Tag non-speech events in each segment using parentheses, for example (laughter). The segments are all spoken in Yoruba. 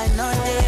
I know they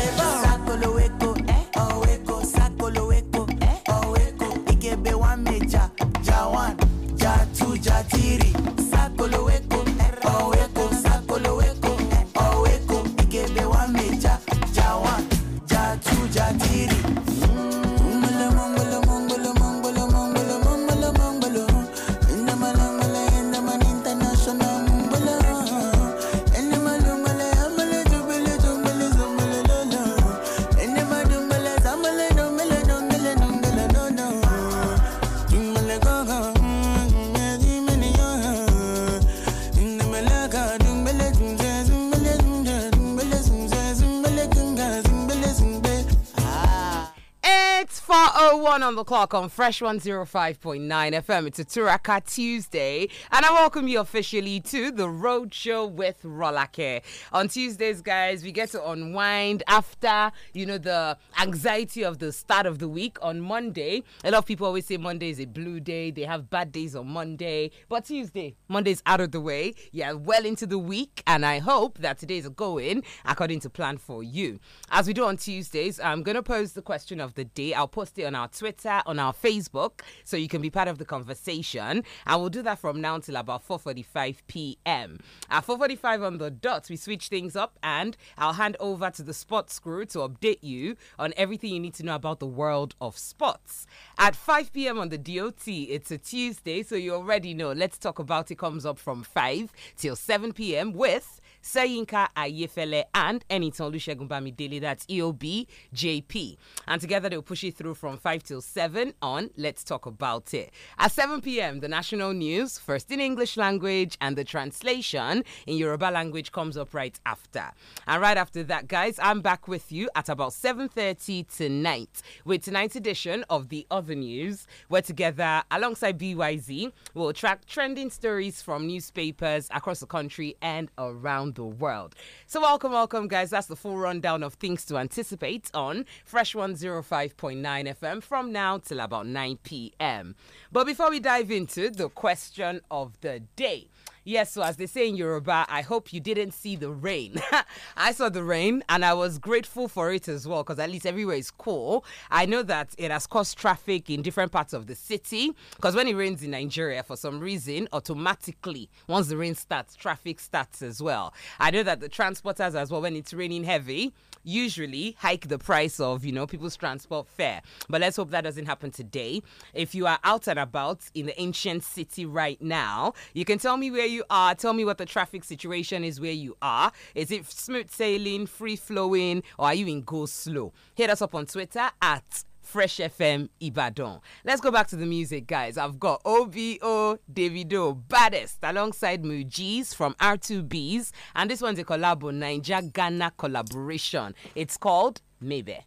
on the clock on Fresh 105.9 FM. It's a Turaka Tuesday, and I welcome you officially to the Road Show with Rolake. On Tuesdays, guys, we get to unwind after, you know, the anxiety of the start of the week on Monday. A lot of people always say Monday is a blue day, they have bad days on Monday, but Tuesday, Monday's out of the way. Yeah, well into the week, and I hope that today's going according to plan for you. As we do on Tuesdays, I'm going to pose the question of the day. I'll post it on our Twitter Twitter, on our Facebook, so you can be part of the conversation. I will do that from now until about 4:45 p.m. At 4:45 on the dot, we switch things up, and I'll hand over to the sports crew to update you on everything you need to know about the world of sports. At 5 p.m. on the DOT, it's a Tuesday, so you already know. Let's talk about it. Comes up from 5 till 7 p.m. with Sayinka Ayefele, and Eniton Olusegun Bamidele. That's EOB JP. And together they'll push it through from 5 till 7 on Let's Talk About It. At 7 p.m., the national news, first in English language, and the translation in Yoruba language comes up right after. And right after that, guys, I'm back with you at about 7.30 tonight with tonight's edition of The Other News. We're together alongside BYZ. We'll track trending stories from newspapers across the country and around around the world. So, welcome, welcome, guys. That's the full rundown of things to anticipate on Fresh 105.9 FM from now till about 9 p.m. But before we dive into the question of the day, Yes, so as they say in Yoruba, I hope you didn't see the rain. (laughs) I saw the rain and I was grateful for it as well because at least everywhere is cool. I know that it has caused traffic in different parts of the city because when it rains in Nigeria, for some reason, automatically, once the rain starts, traffic starts as well. I know that the transporters as well, when it's raining heavy, usually hike the price of, you know, people's transport fare. But let's hope that doesn't happen today. If you are out and about in the ancient city right now, you can tell me where you are. Tell me what the traffic situation is where you are. Is it smooth sailing, free flowing, or are you in go slow? Hit us up on Twitter at Fresh FM Ibadan. Let's go back to the music, guys. I've got OBO Davido Baddest alongside Mujiz from R2Bs, and this one's a collabo Niger Ghana collaboration. It's called Maybe.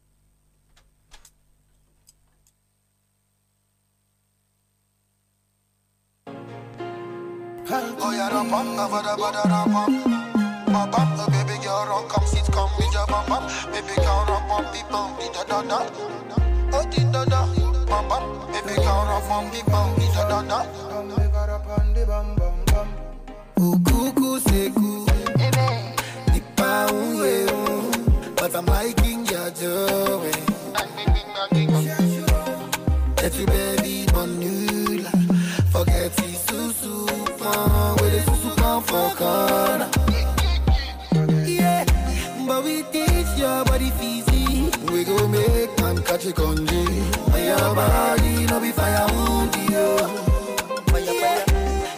Oh, yeah, da bam, da ba da ba da da bam. bam, oh, baby girl, come sit, come with your bam bam. Baby girl, rock, bam, beep, bam, di da da da. Oh, di da da, bam bam. Baby girl, rock, bam, beep, bam, di da da da. up on the bam bam bam. cuckoo, say cuckoo. she your body no be fire wound you.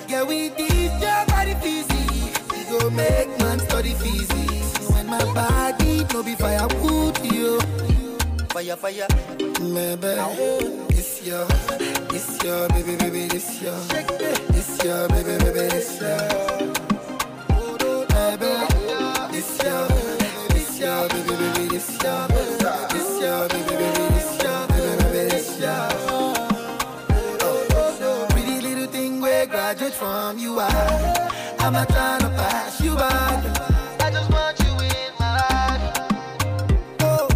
Yeah, we your body busy. We go make man study physics. When my body no be fire wound you. Fire, fire. Maybe this your, this your baby, baby, this your, this your baby, baby, this your. baby. this your, this your baby, baby, this your. I'm not trying to pass you by. I just want you in my life. Oh,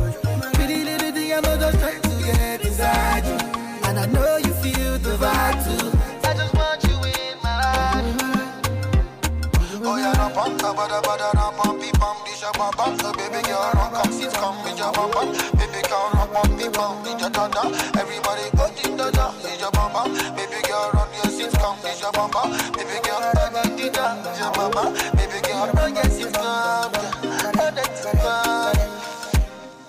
pretty little thing, I'm just trying to get inside you. And I know you feel the vibe too. I just want you in my life. Mm-hmm. Oh, yeah, no, pump, da, ba, da, ba, da, da, pump, pump, dish, pump, pump. So, baby, girl, rock, come, sit, come, with your pump, baby, girl, rock, pump, pump, dish, da, da. Everybody, your Baby girl, your mama. Baby girl, get you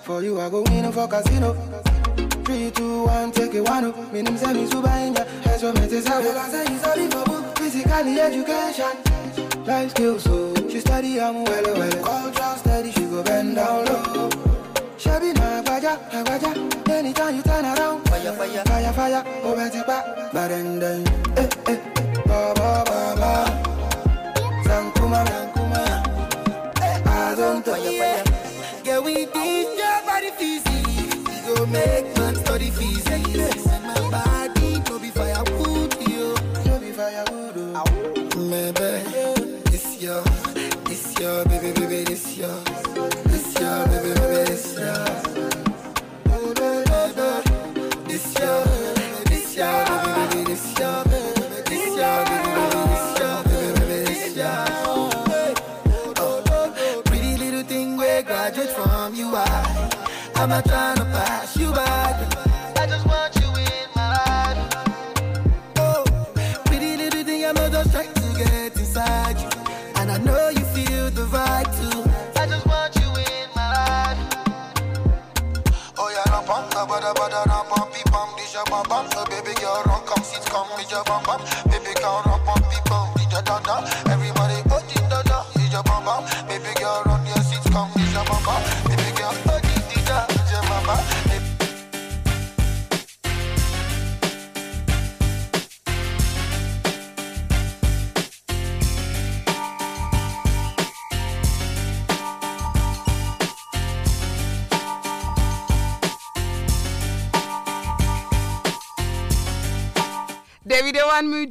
For you, I go in for casino. Three, two, one, take it one. Oh. Me name say me super in ya. That's what me I say you study for book, physically education, life skills. So oh. she study, I'm well, oh, well. Culture study, she go bend down low. Shabby na agbaja, agbaja. Anytime you turn around, fire, fire, fire, fire. Oh, better back, but then, eh, eh. eh ba ba ba.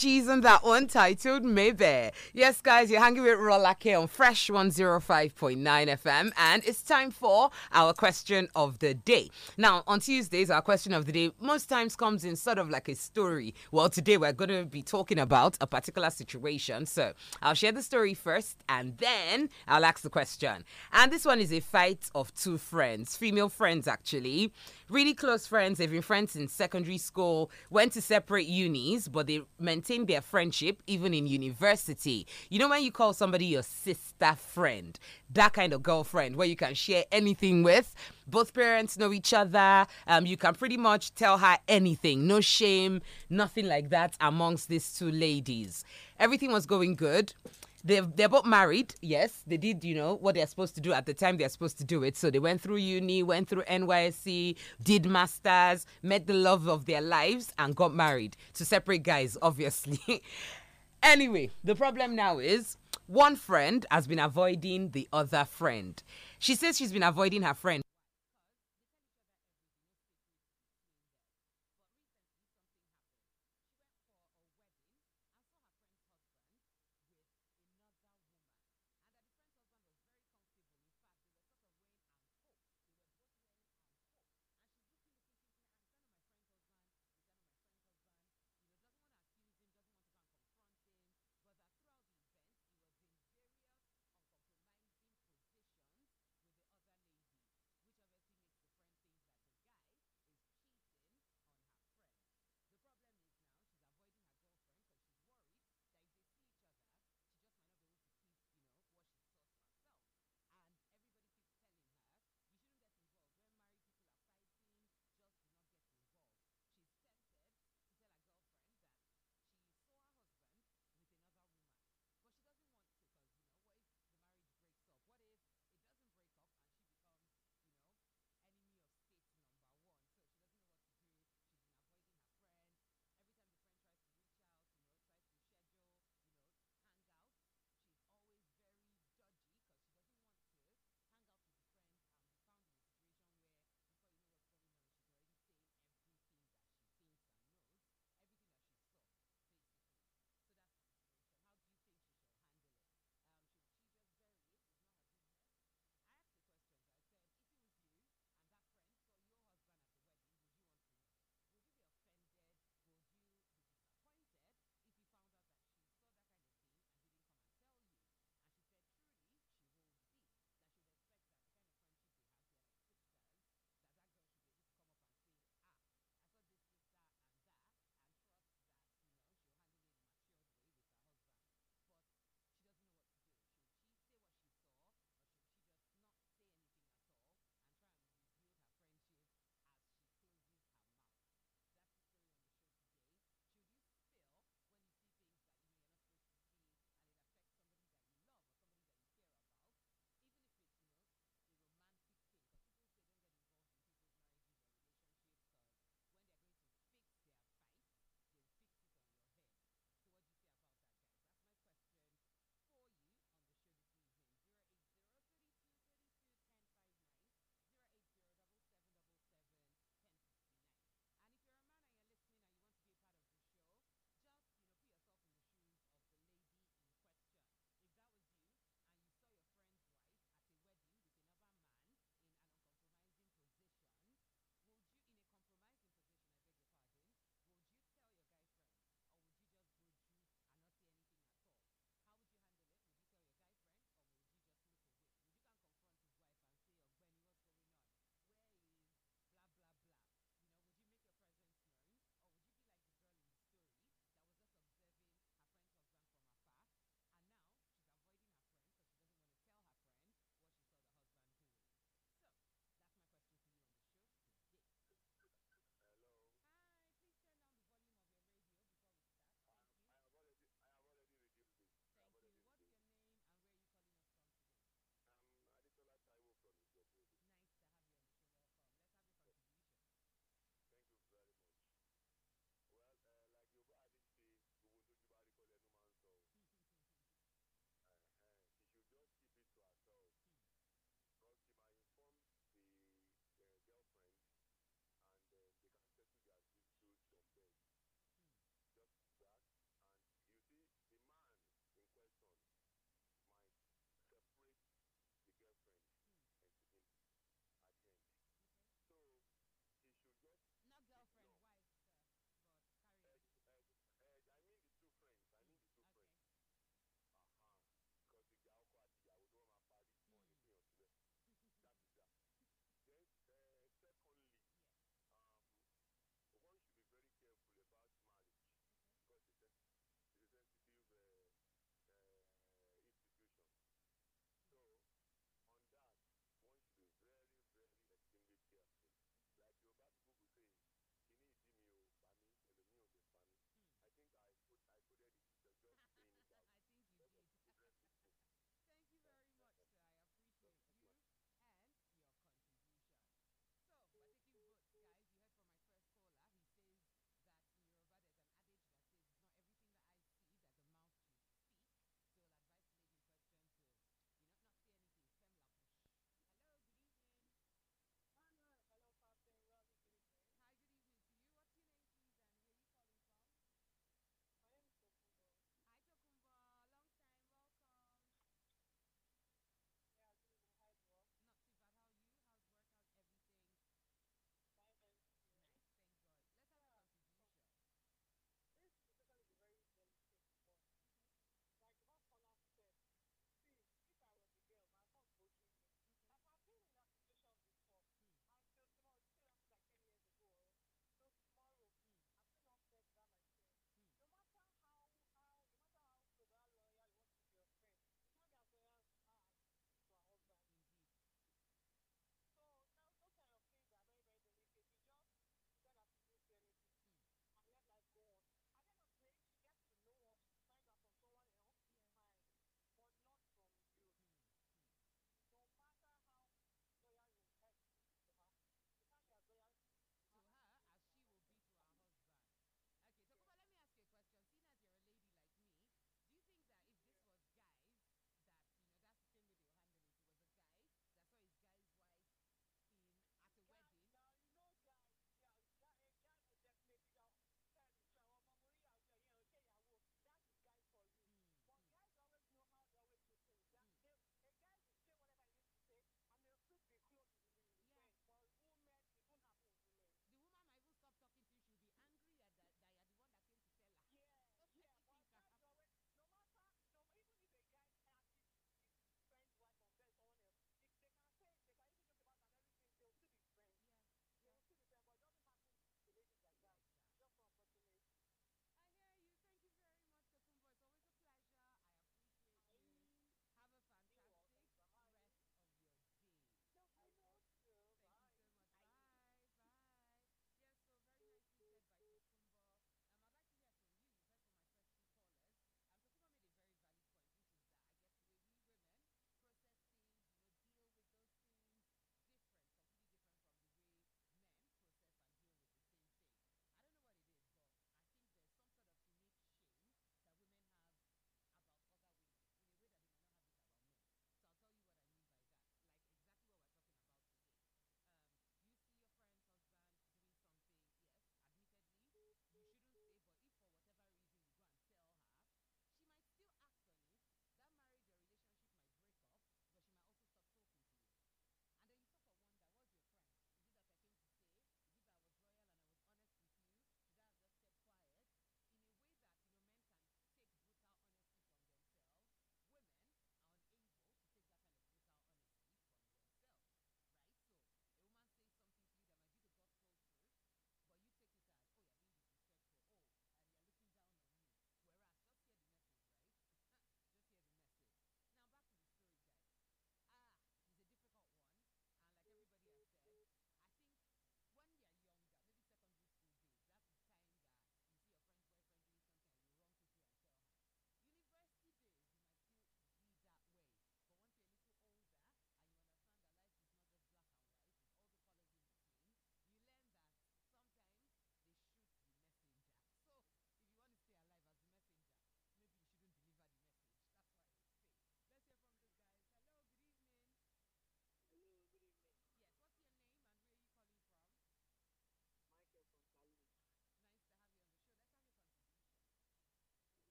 Jesus. and that untitled Maybe. Yes, guys, you're hanging with Rolake on Fresh 105.9 FM, and it's time for our question of the day. Now, on Tuesdays, our question of the day most times comes in sort of like a story. Well, today we're going to be talking about a particular situation. So I'll share the story first, and then I'll ask the question. And this one is a fight of two friends, female friends actually, really close friends. They've been friends since secondary school, went to separate unis, but they maintained their friendship friendship, even in university. You know, when you call somebody your sister friend, that kind of girlfriend where you can share anything with, both parents know each other, um, you can pretty much tell her anything, no shame, nothing like that amongst these two ladies. Everything was going good they they're both married. Yes, they did. You know what they're supposed to do at the time they're supposed to do it. So they went through uni, went through NYC, did masters, met the love of their lives, and got married to separate guys, obviously. (laughs) Anyway, the problem now is one friend has been avoiding the other friend. She says she's been avoiding her friend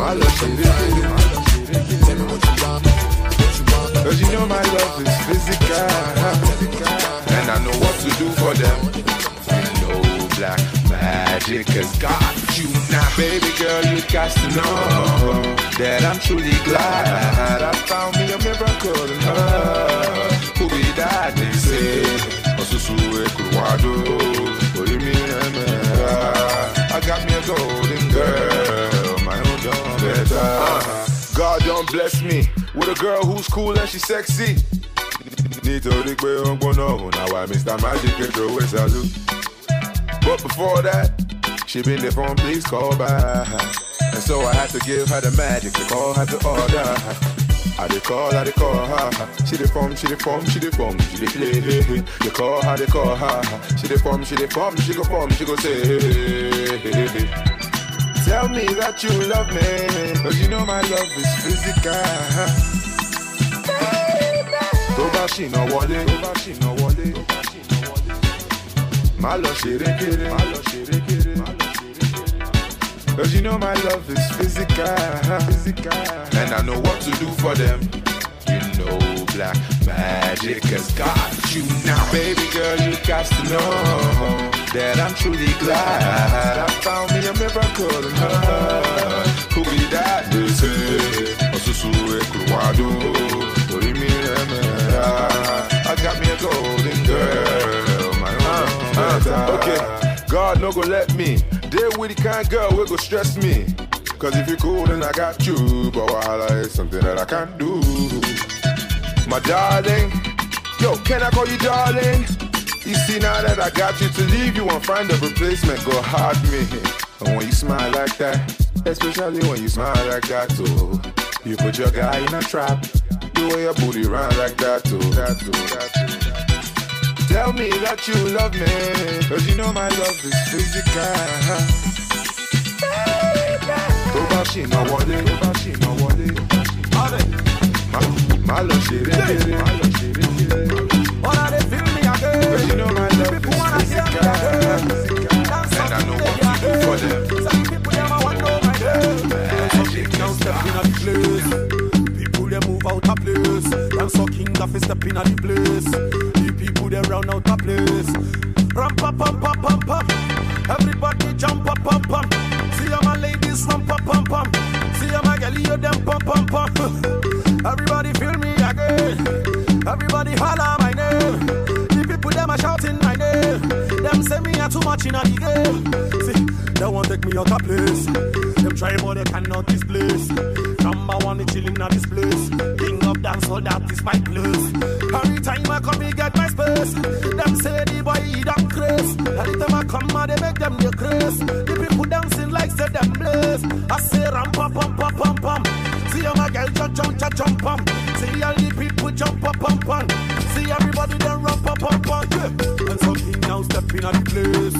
I love you. Tell me what you want, what you you know my love is physical. And I know what to do for them. No black magic has got you now. Baby girl, you that I'm truly glad I found me a miracle Who be that they say? I got me a gold. come bless me with a girl who's cool and she's sexy. nítorí pé ó ń gbóná òun àwa mr magic intro wey salu. but before that she been there for please call back. and so i had to give her the magic to call her to order. I dey call, I dey call her. She dey form, she dey form, she dey form, she dey play. They call her, they call her. She dey form, she dey form, she go form, she go say. Tell me that you love me, cause you know my love is physical. Tó bá ṣìnà wọlé, tó bá ṣìnà wọlé, má lọ ṣeré kéré, má lọ ṣeré kéré. Cause you know my love is physical, physical. And I know what to do for them. You know black magic has got you now. Baby girl, you got to know that I'm truly glad I found me a miracle in her. Who be that they say? Osusu Ekulwado, Tori mi I got me a golden girl, my own. Uh, okay, God no go let me. Deal with the kind girl will go stress me. Cause if you cool, then I got you. But wahala is something that I can't do. My darling, yo, can I call you darling? You see, now that I got you to leave, you won't find a replacement. Go hard me. And when you smile like that, especially when you smile like that, too. Oh. You put your guy in a trap. The way your booty run like that, too. Oh. That, too, oh, that, too. Tell me that you love me, cause you know my love is physical. Tó bá ṣì ná wọlé, tó bá ṣì And I know we do for them. Some people them I want no Magic now People they move out of place. And so king of is step people they round out of place. Ram pam pam pam pam pam. Everybody jump up pam pam. See all my ladies ram pam pam pam. See all my girlie them pam pam pam. Everybody feel me again. Everybody holler my name. The people them are shouting. Them say me are too much in a the game. See, they want take me out of place. Them try but they cannot displace. Number one, they chilling at this place. King up dance, so that is my place. Every time I come, me get my space. Them say the boy, he don't craze. Every time I come, I they make them the crazy. The people dancing like say them blaze. I say ram pam pam pam pam pam. See all my girls jump jump jump jump pam. See all the people jump up pam pam. See everybody then run pam pam pam. Yeah. And something now stepping at the place.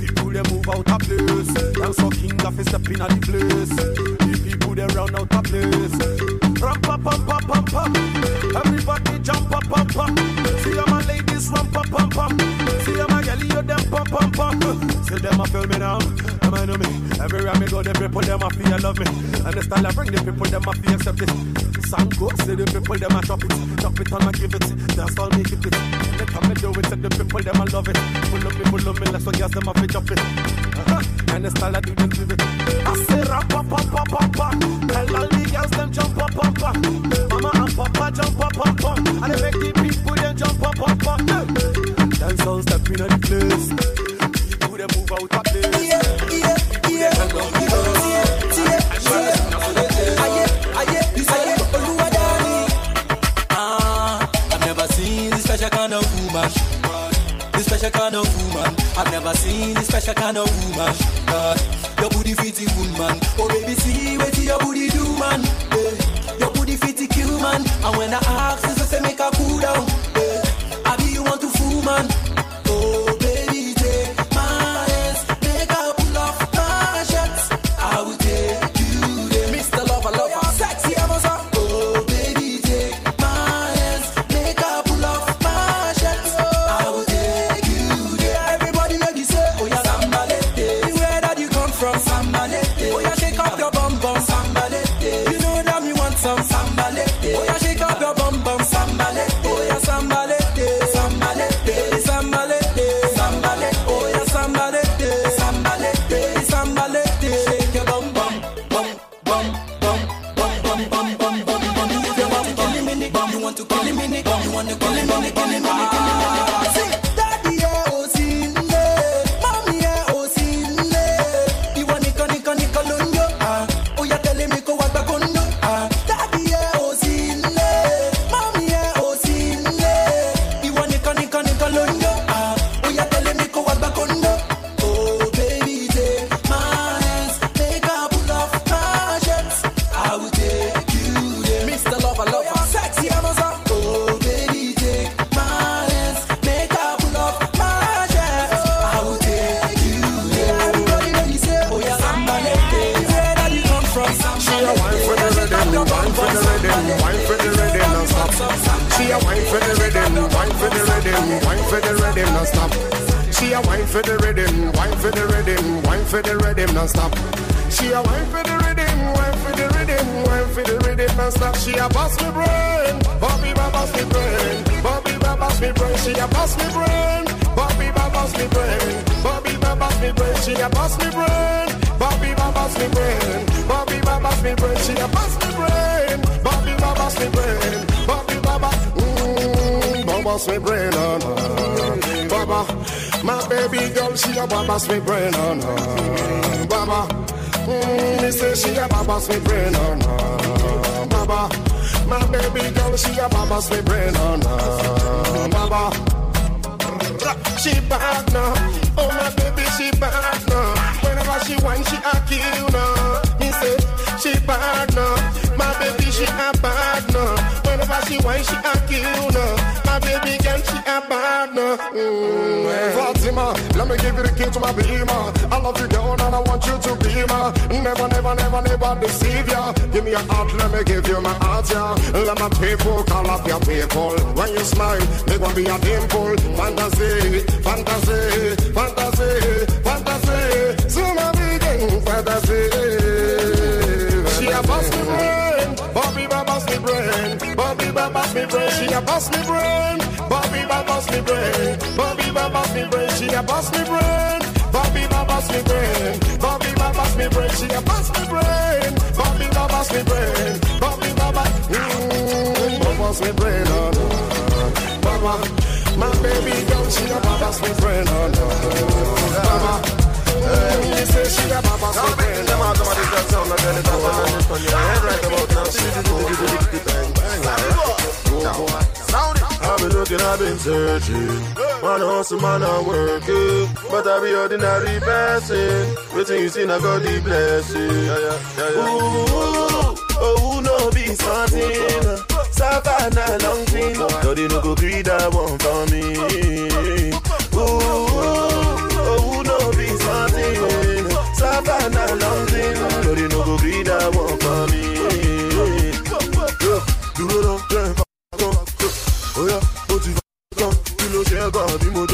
People they move out of place. And so King Duff is stepping at the place. The people they run out of place. Rum pa pum pum pum pum. Everybody jump up pum pum. See all my ladies rum pa pum pum. See all my girlie you them pum pum pum. See them a feel me now. Am I know me? Everywhere me go, the people them a feel love me. And the style I bring, the people them a feel accept it. Sound good, see the people them a chop it, chop it and I give it. That's all me give it. They come do it, and the people them a love it. Pull up pull up me, let's go, yes a fit chop it. Uh-huh. And the style I do them give it. I say rap, pop, pop, pop, pop, pop. Tell all girls them jump up, up, up. Mama and papa jump up, up, up. And they make the people them jump up, up, up. Dance all step in the place. People them move out of place. Yeah, yeah, yeah. I've never seen this special kind of woman. pass brain on. Mama, my baby girl, she a pass me brain on. Mama, me say she a pass me brain on. Now, them this girl sound like any type of man on your head right about now. She do do do do bang bang. Sound it. I've been looking, I've been searching. Man hustle, man a work it. But I be ordinary person. Waiting you see, I got the blessing. Ooh, oh, no be something. Java na long thing. No, they no go greed that one for me. Ooh, oh, no be something. Java na long thing. No, they no go greed that one for me. Oh yeah, ó ti fà á tán, kí ló ṣe é gan bí mo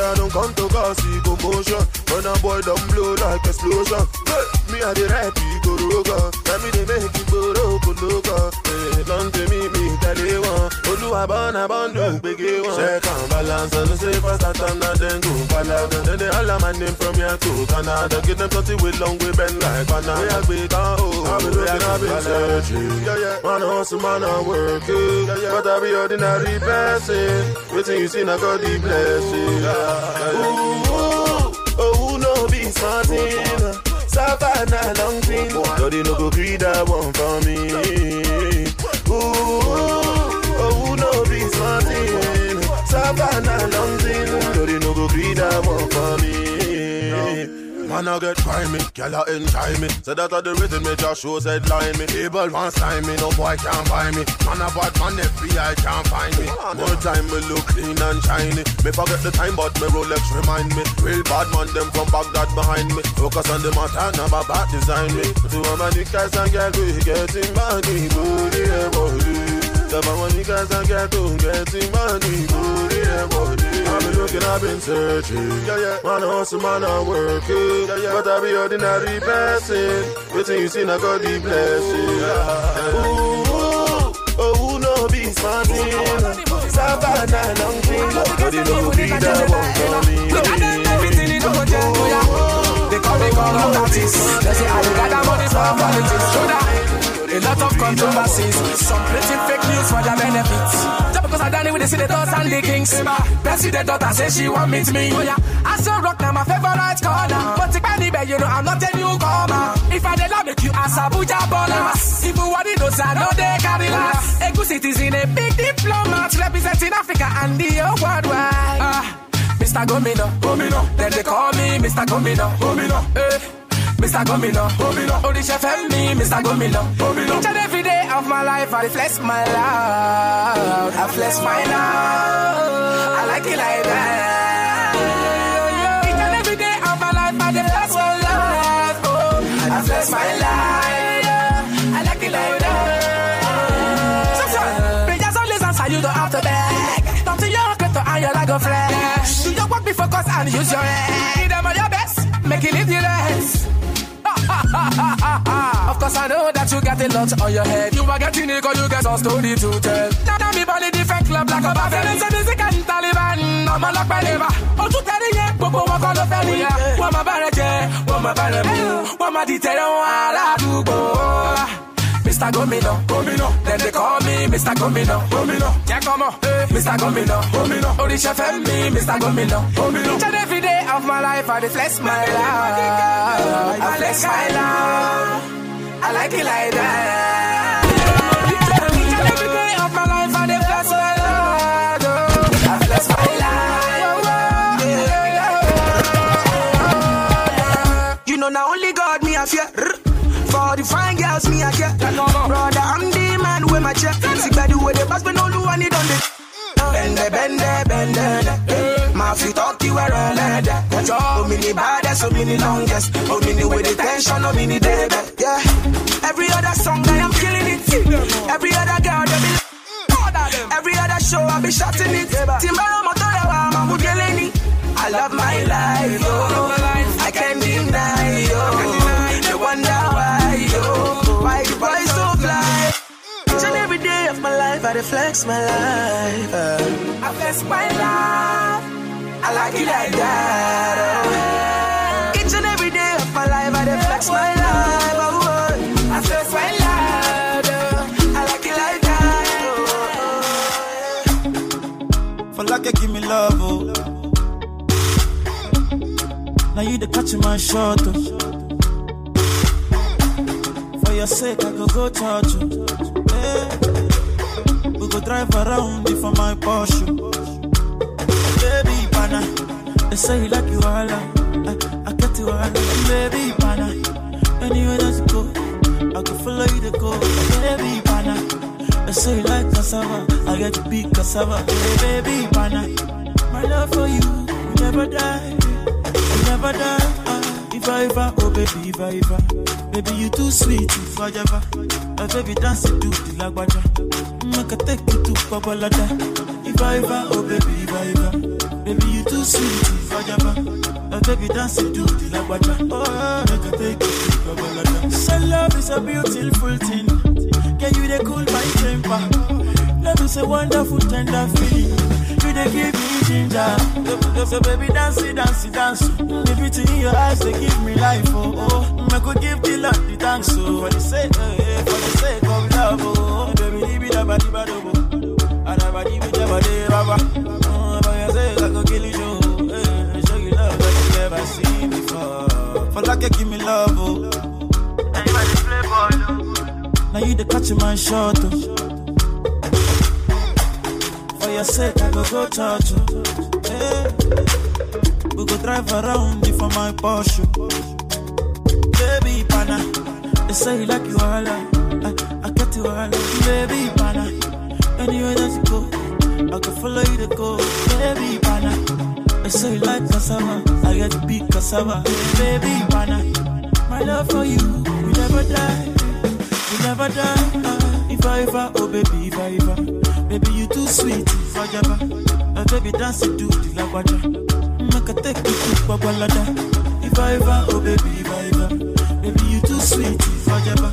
yeah, don't come to cause commotion. When a boy don't blow like explosion. Hey, me a the rap, you go roga. Let me they make you go roga. Hey, don't me. I dey one. Oluwa born I born do gbege one. Check on balance and say fast at and then go balance. Then they all my name from here to Canada. Get them plenty with long way bend like banana. We are big on oh. I be looking up in searching. Yeah yeah. Man hustle, man I work. it. But I be ordinary person. Waiting you see I got the blessing. Ooh, oh no be smarting. Savannah long thing. Daddy no go greed that one for me oh, no be something. Savannah, London, no, no go greed, i for me. Man a get grimy, girl I enjoy me. Say that a the reason me just shows headline me. Able one sign me, no boy can't buy me. Man a bad man, FBI can't find me. More time me look clean and shiny. Me forget the time, but me Rolex remind me. Real bad man, them from Baghdad behind me. Focus on the matter, now my bad design me. To a man, you guys and girls, we getting money, booty, booty. Tell my one niggas and get on getting money, booty and body. I've been looking, I've been searching. Yeah, yeah. Man, hustle, man, I'm working. Yeah, yeah. But I be ordinary person. Waiting, you see, I got the blessing. Yeah. Ooh, oh, who no be smarting? Savannah, long thing. don't be the one for me. Look at them, everything is the budget. They call, they call, all that is. They say, I got that money for politics. Show that. A lot of controversies, some pretty fake news for their benefits. Just because I done it with the senators and the kings. Percy the daughter says she want meet me. Oh yeah, I still rock now my favorite corner. But if any anywhere, you know I'm not a newcomer. If I dey make you as Abuja baller. Even what it knows, I know they carry last. A good citizen, a big diplomat, representing Africa and the world wide. Uh, ah, Mr. Gomino, Gomino, then they call me Mr. Gomino, Gomino. Eh. Mr. Gomino, Gomino. Oh, the chef me, Mr. Gomino, Gomino. Each and every day of my life, I flex my love. I flex my love. I like it like that. Each and every day of my life, I flex my love. Oh, I flex my life. I like it like that. So, so, players always answer you, don't have to beg. Don't your uncle to iron like a flex. Do your work before cause and use your head. Give them all your best, make it live your less. (laughs) of course, I know that you got a lot on your head. You are getting it, cause you got some story to tell. Now that me body different club, black of a feeling, so music and Taliban. I'm a lock my neighbor. Oh, to tell you, Bobo, walk on the ferry. Wọ́n What my rẹ̀ jẹ́, wọ́n máa bá rẹ̀ mú, wọ́n máa dìtẹ̀ lọ́wọ́ aládùúgbò. Mr. Gomino, Gomino. Then they call me Mr. Gomino, Gomino. Yeah, come on, hey. Mr. Gomino, Gomino. chef and me, Mr. Gomino, Gomino. Each and every day of my life, I flex my life. I flex my love. I like it like that. Each and every day of my life, I flex my life. I flex my life. You know, now only God me a fear. For the fine girls me a get. Brother, I'm the man with my check. See by the way the boss, we no do and he done it. Bende, bende, bende. My feet talk to where all lead. Oh, me the so oh, me the longest. Oh, me the the tension, oh, me the dead. Yeah. Every other song, I am killing it. Every other girl, they be Every other show, I be shutting it. Timbalo, motor, I'm a I love my life, oh. try to flex my life. Uh. Oh, oh. I flex my life. I like it like that. Oh. Each and every day of my life, I flex my life. I flex my life. I like it like that. For like you give me love. Oh. Now you the catch my shot. Oh. For your sake, I go go touch you. Oh. Yeah go drive around for my Porsche. Baby, pana, they say you like you all I, I get you all Baby, pana, anywhere that you go, I can follow you to go. Baby, pana, they say you like cassava, I get to be cassava. baby, pana, my love for you, you never die, you never die. Uh. Iva, oh baby, viva. Baby, you too sweet, Iva, Java. baby, dance it to the lagwaja. Make mm, a take you to Babalada. Iva, Iva, oh baby, viva. Baby, you too sweet, Iva, Java. My baby, dance it to the lagwaja. Oh, make a take you to Babalada. So love is a beautiful thing. Can you the cool my temper? Love is a wonderful, tender feeling you they give me ginger. So baby, dance it, dance it, dance. The beauty in your eyes they give me life. Oh, oh. I could give the love, the thanks. oh. for the sake, oh, yeah, for the sake of love. Oh, oh. baby, mm, leave it up, body, body, body. I never give it up, body, baba. Oh, for your I could kill you. show you love that you never seen before. For like you give me love. Oh. Anybody play ball? Oh. Now you the catch my shot. Oh. For your sake, I go go church. Eh. Hey. We go drive around you for my Porsche. Baby, pana. They say you like you all. I, I get you all. Baby, pana. Anywhere that you go, I can follow you to go. Baby, pana. They say you like cassava. I get to be cassava. Baby, pana. My love for you, you never die. You never die. Uh, if I ever, oh baby, if I ever. Baby, you too sweet, Fajaba. Uh, baby, dance it to the lagwaja. Make a take you to Babalada. If I ever, oh baby, if I ever. Baby, you too sweet, Fajaba.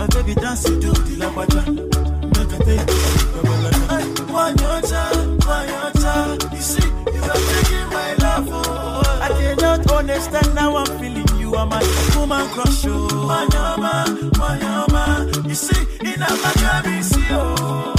Uh, baby, dance it to the lagwaja. Make a take you to Babalada. One your child, one your child. You see, you are taking my love. Oh. I cannot understand how I'm feeling you are my woman crush, oh. Wanyama, wanyama, you see, in a magazine, oh.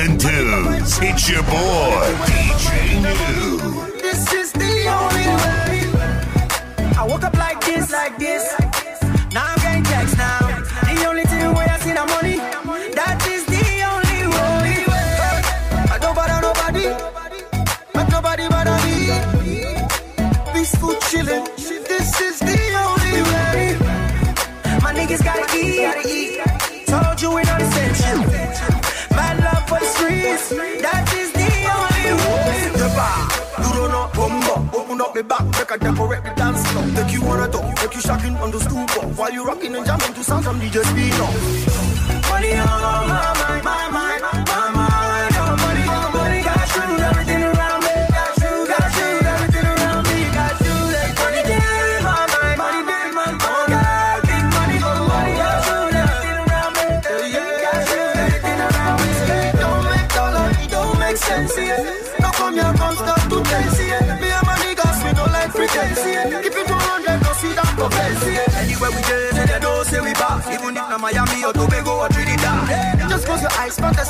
and twos. It's your boy, the back, check a decorate the dance floor. Take you on a top, take you shocking on the stoop While you rocking and jamming to sound from DJ Speed up. Money on my mind.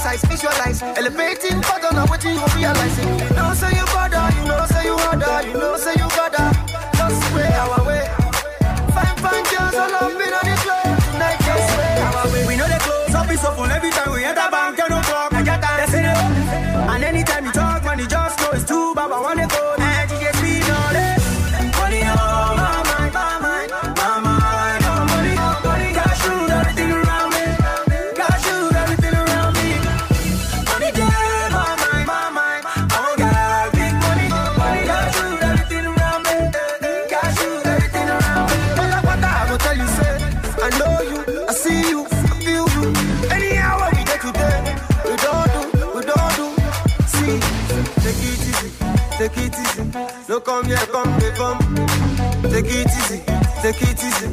precise, visualize. Elevating, but don't know what you realize. It. Take it easy, take it easy.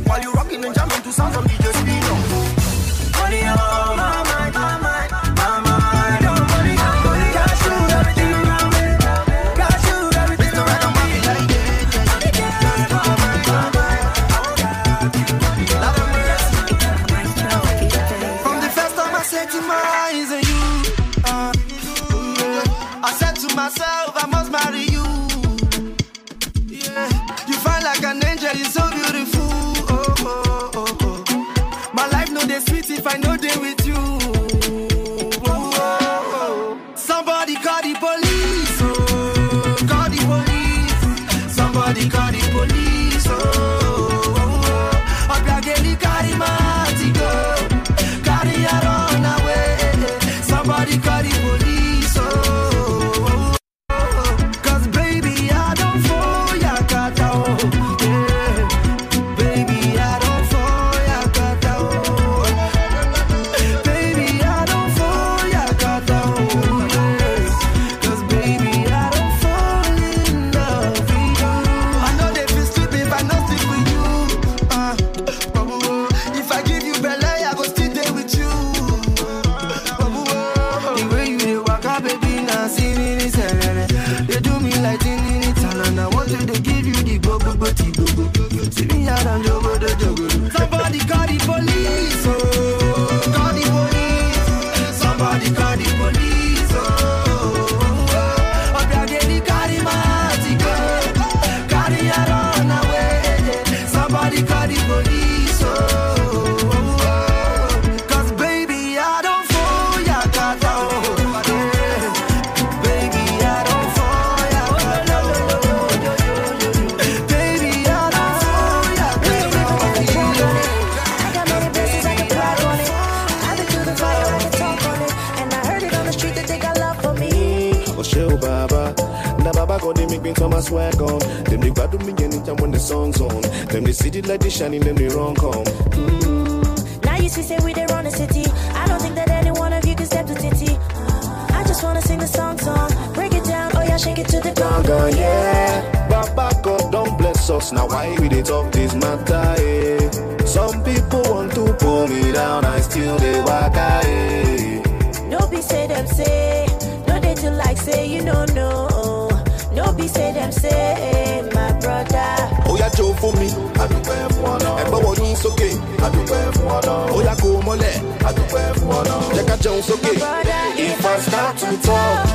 see the light shining, them they run come. Mm. Now you see, say we the run the city. I don't think that any one of you can step the city. I just wanna sing the song, song. Break it down, oh yeah, shake it to the conga, yeah. Baba God don't bless us, now why we they talk this matter, eh? Some people want to pull me down, I still they walk eh? No be say them say, no they do like say you know no. sókè. adúpẹ́ fún ọlọ́run. ó yá kó mọ́lẹ̀. adúpẹ́ fún ọlọ́run. jẹ́ ká jẹun sókè. my brother if i start to talk.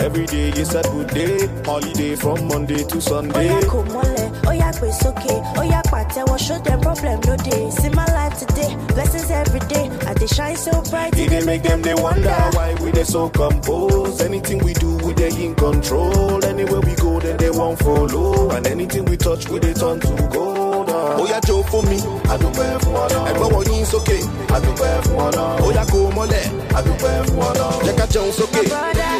Every day is a good day. Holiday from Monday to Sunday. Oya komole, oya kwesoke, oya patewo. Show them problem no day. See my life today, blessings every day. I they shine so bright. It they make them they wonder why we they so composed. Anything we do, we they in control. Anywhere we go, then they won't follow. And anything we touch, we they turn to gold. Ah. Oya jó fún mi. Adúpẹ́ fún ọ̀nà. Ẹ̀gbọ́n wọ yín sókè. Adúpẹ́ fún ọ̀nà. Oya kò mọ́lẹ̀. well for ọ̀nà. Jẹ́ ká jẹun sókè. Bọ́dà.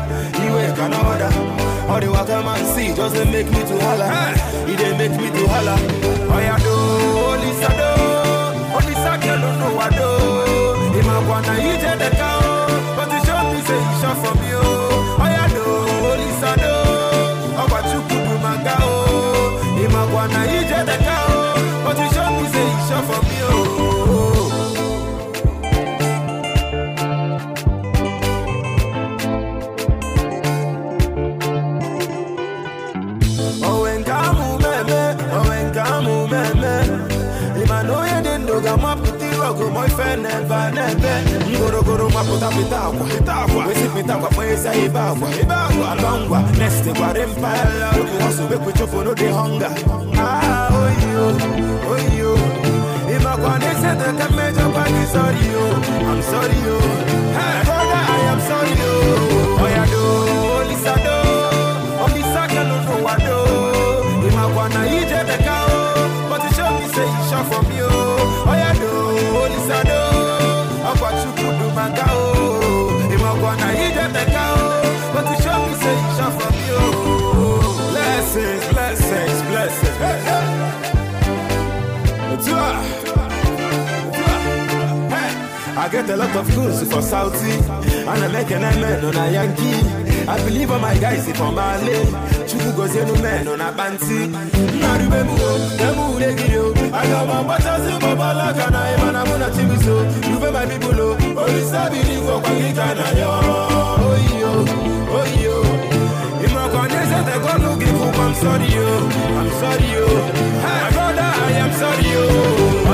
anywhere can order. All the water man see Doesn't make me to holla. He don't make me to holla. Oh yeah, do only sado, only sado know what do. Him a wanna eat at the cow, but the shop is a shop for me. Oh yeah, do only sado, I want you to do gbapụta pịta akwa pịta akwa wesi pịta akwa kpọọ ezi ebe akwa ebe akwa alọ no ah oyo oyo I'm sorry yo hey I am sorry yo get a lot of goods for Saudi. And I like an man on a Yankee. I believe all my guys is from Mali. Chuku goes in man on a Banti. Nadu Bemu, Bemu Legio. Oh. I got my butters in Babala, can I even have one achieve show. You be my people, oh, you sabi ni kwa kika na yo. Oh, yo, oh, yo. I'm sorry, yo. I'm sorry, yo. Hey, brother, I am sorry, yo.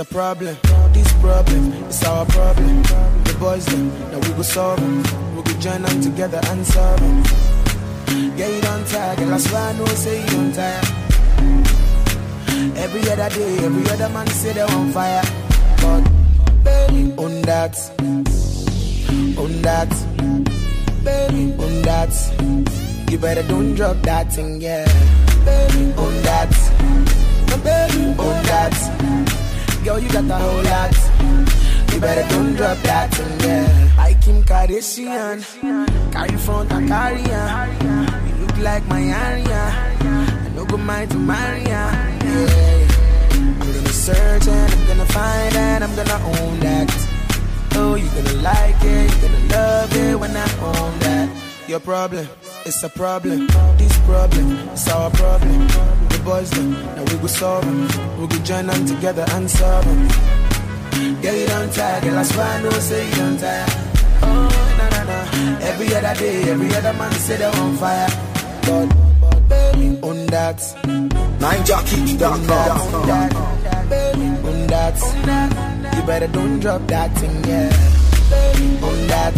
It's a problem. This problem is our problem. The boys them, now we go solve it. We go join them together and solve it. Yeah, you don't tire, girl. That's why I know say you don't tire. Every other day, every other man say they're on fire. But baby, on that, on that, baby, on that. You better don't drop that thing, yeah. Baby, on that, baby, on that girl, you got a whole lot. You better don't drop that thing, there. I Kim Kardashian, carry front and carry on. You look like my Aria, I no good mind to marry yeah. I'm gonna search and I'm gonna find and I'm gonna own that. Oh, you're gonna like it, you're gonna love it when I own that. Your problem, it's a problem. This problem, it's our problem. The boys, them, we go solve We go join them together and solve them. Girl, you don't tire, girl, I swear no say you don't tire. Oh, na na na. Every other day, every other man say they're on fire. But, but baby, on that. NineJockey.com. Baby, on that. You better don't drop that thing, yeah. Baby, on that.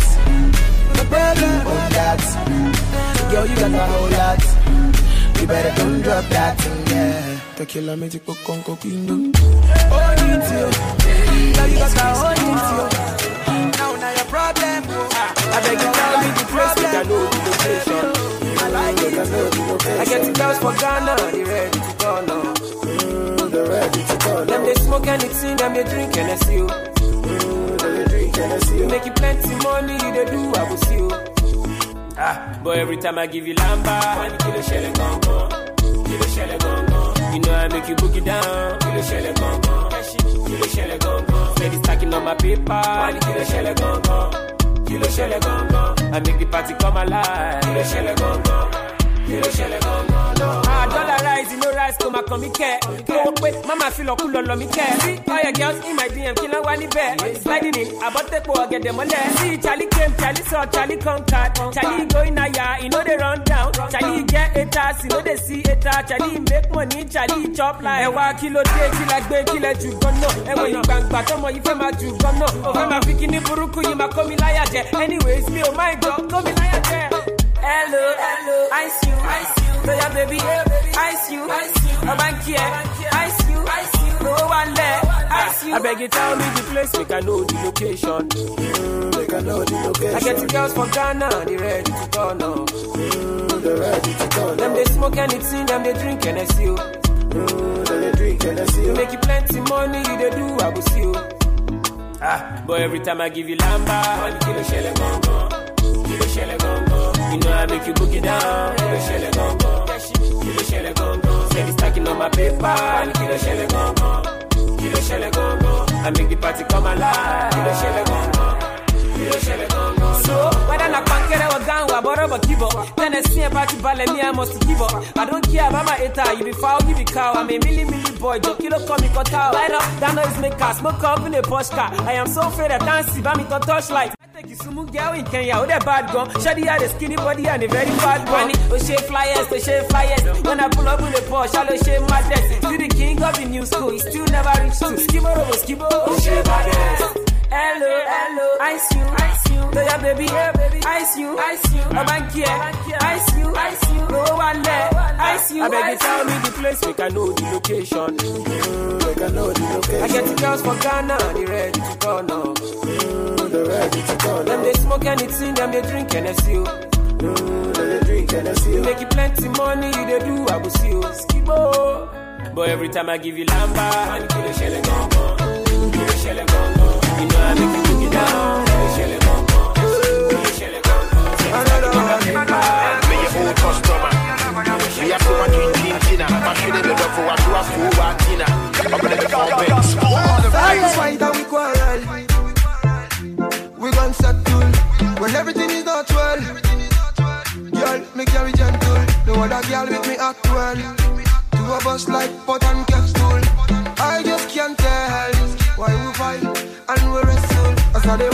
No on that. Girl, you got a whole lot. You better don't drop that thing tequila me tipo con coquino. Bonitio, now you got that bonitio. Now now your problem, I beg you tell me the problem. I know the location. I like it, I know the location. I get it out for Ghana, they ready to go now. Mm, they ready to go now. Them they smoke and it's in, them they drink and it's Mm, them they drink and it's Hennessy. Make you plenty money, they do, I will see you. Ah, but every time I give you lamba, I kill a shell and gong gong, kill a shell and gong you know I make you boogie down. Kilo ló ṣẹlẹ̀ gangan? kilo ló ṣẹlẹ̀ gangan? Steady stacking on my paper. Wani kí ló ṣẹlẹ̀ gangan? Kí ló ṣẹlẹ̀ gangan? I make the party come alive. Kilo ló ṣẹlẹ̀ gangan? Kí ló ṣẹlẹ̀ gangan? eyes no rise kò máa kàn mí kẹ́ kí ló wọ́n pé mama fi lọ́kù let me care. sí all your girls in my DM kí one wá níbẹ̀ sliding in I bought àbọ̀tẹ́pọ̀ ọ̀gẹ̀dẹ̀ mọ́lẹ̀ sí Charlie came Charlie saw Charlie conquered Charlie going higher he know dey run down Charlie get haters he know dey see hater Charlie make money Charlie chop like. ẹ kilo, kí ló dé kí la gbé kí lẹ jù gan náà ẹ wọ̀nyí gbàngbà tọmọ yìí fẹ́ máa jù gan náà ó fẹ́ máa fi kíní burúkú yìí máa kó mi láyà anyways mi ò máa ń jọ kó mi láyà jẹ. hello hello i see you. So yeah, baby, ice you, I bank here, ice you, no one there, ice you. I beg you, tell me the place, make I know the location. Mm, make I know the location. I get the girls from Ghana, they ready to turn up. Mm, they ready to turn up. Them they smoke and anything, them they drink and I see you. Mm, them they drink and I see you. You make you plenty money, you they do, I will see you. Ah, boy, every time I give you lamba, one kilo shell and gongo, kilo shell and gongo. You know I make you book it down, kilo shell and gongo. Kilo ló ṣẹlẹ̀ gangan. Steady stacking on my paper, Kilo kí ló ṣẹlẹ̀ gangan. Kí ló ṣẹlẹ̀ I make the party come alive, Kilo ló ṣẹlẹ̀ gangan. Kí ló ṣẹlẹ̀ So, whether na pankere or gangwa, Then kibo. Tennessee and party ballet, me I must give up. I don't care about my eta, you be foul, you be cow. I'm a milli milli boy, jokilo call me kota. Light up, that noise maker, smoke up in a posh car. I am so afraid I can't see, but me to touch light. Kisumu girl in Kenya with a bad gun. Shadi had a skinny body and a very bad bunny. O'Shea flyers, O'Shea flyers. When I pull up with a Porsche, I'll O'Shea madness. You the king of the new school, he still never reached to. Skibbo, Skibbo, O'Shea madness. hello, hello, ice you, ice you, no baby, baby, ice you, ice you, no bank here, ice you, ice you, no one there, ice you. I beg you tell me the place, make I know the location. Make I know the location. I get the girls from Ghana, they ready to go now. They ready to go now. Them they smoke and it's in, them they drink and it's NSU. Mm, they drink NSU. You make you plenty money, you they do, I will see you. Skibo. But every time I give you lamba, I you a shell and gong gong, kill a shell and gong we quarrel. We gon' settle when everything is not well. Girl, gentle. No other girl with me act well. Two of us like pot and capsule. I just can't tell why we fight. Cause they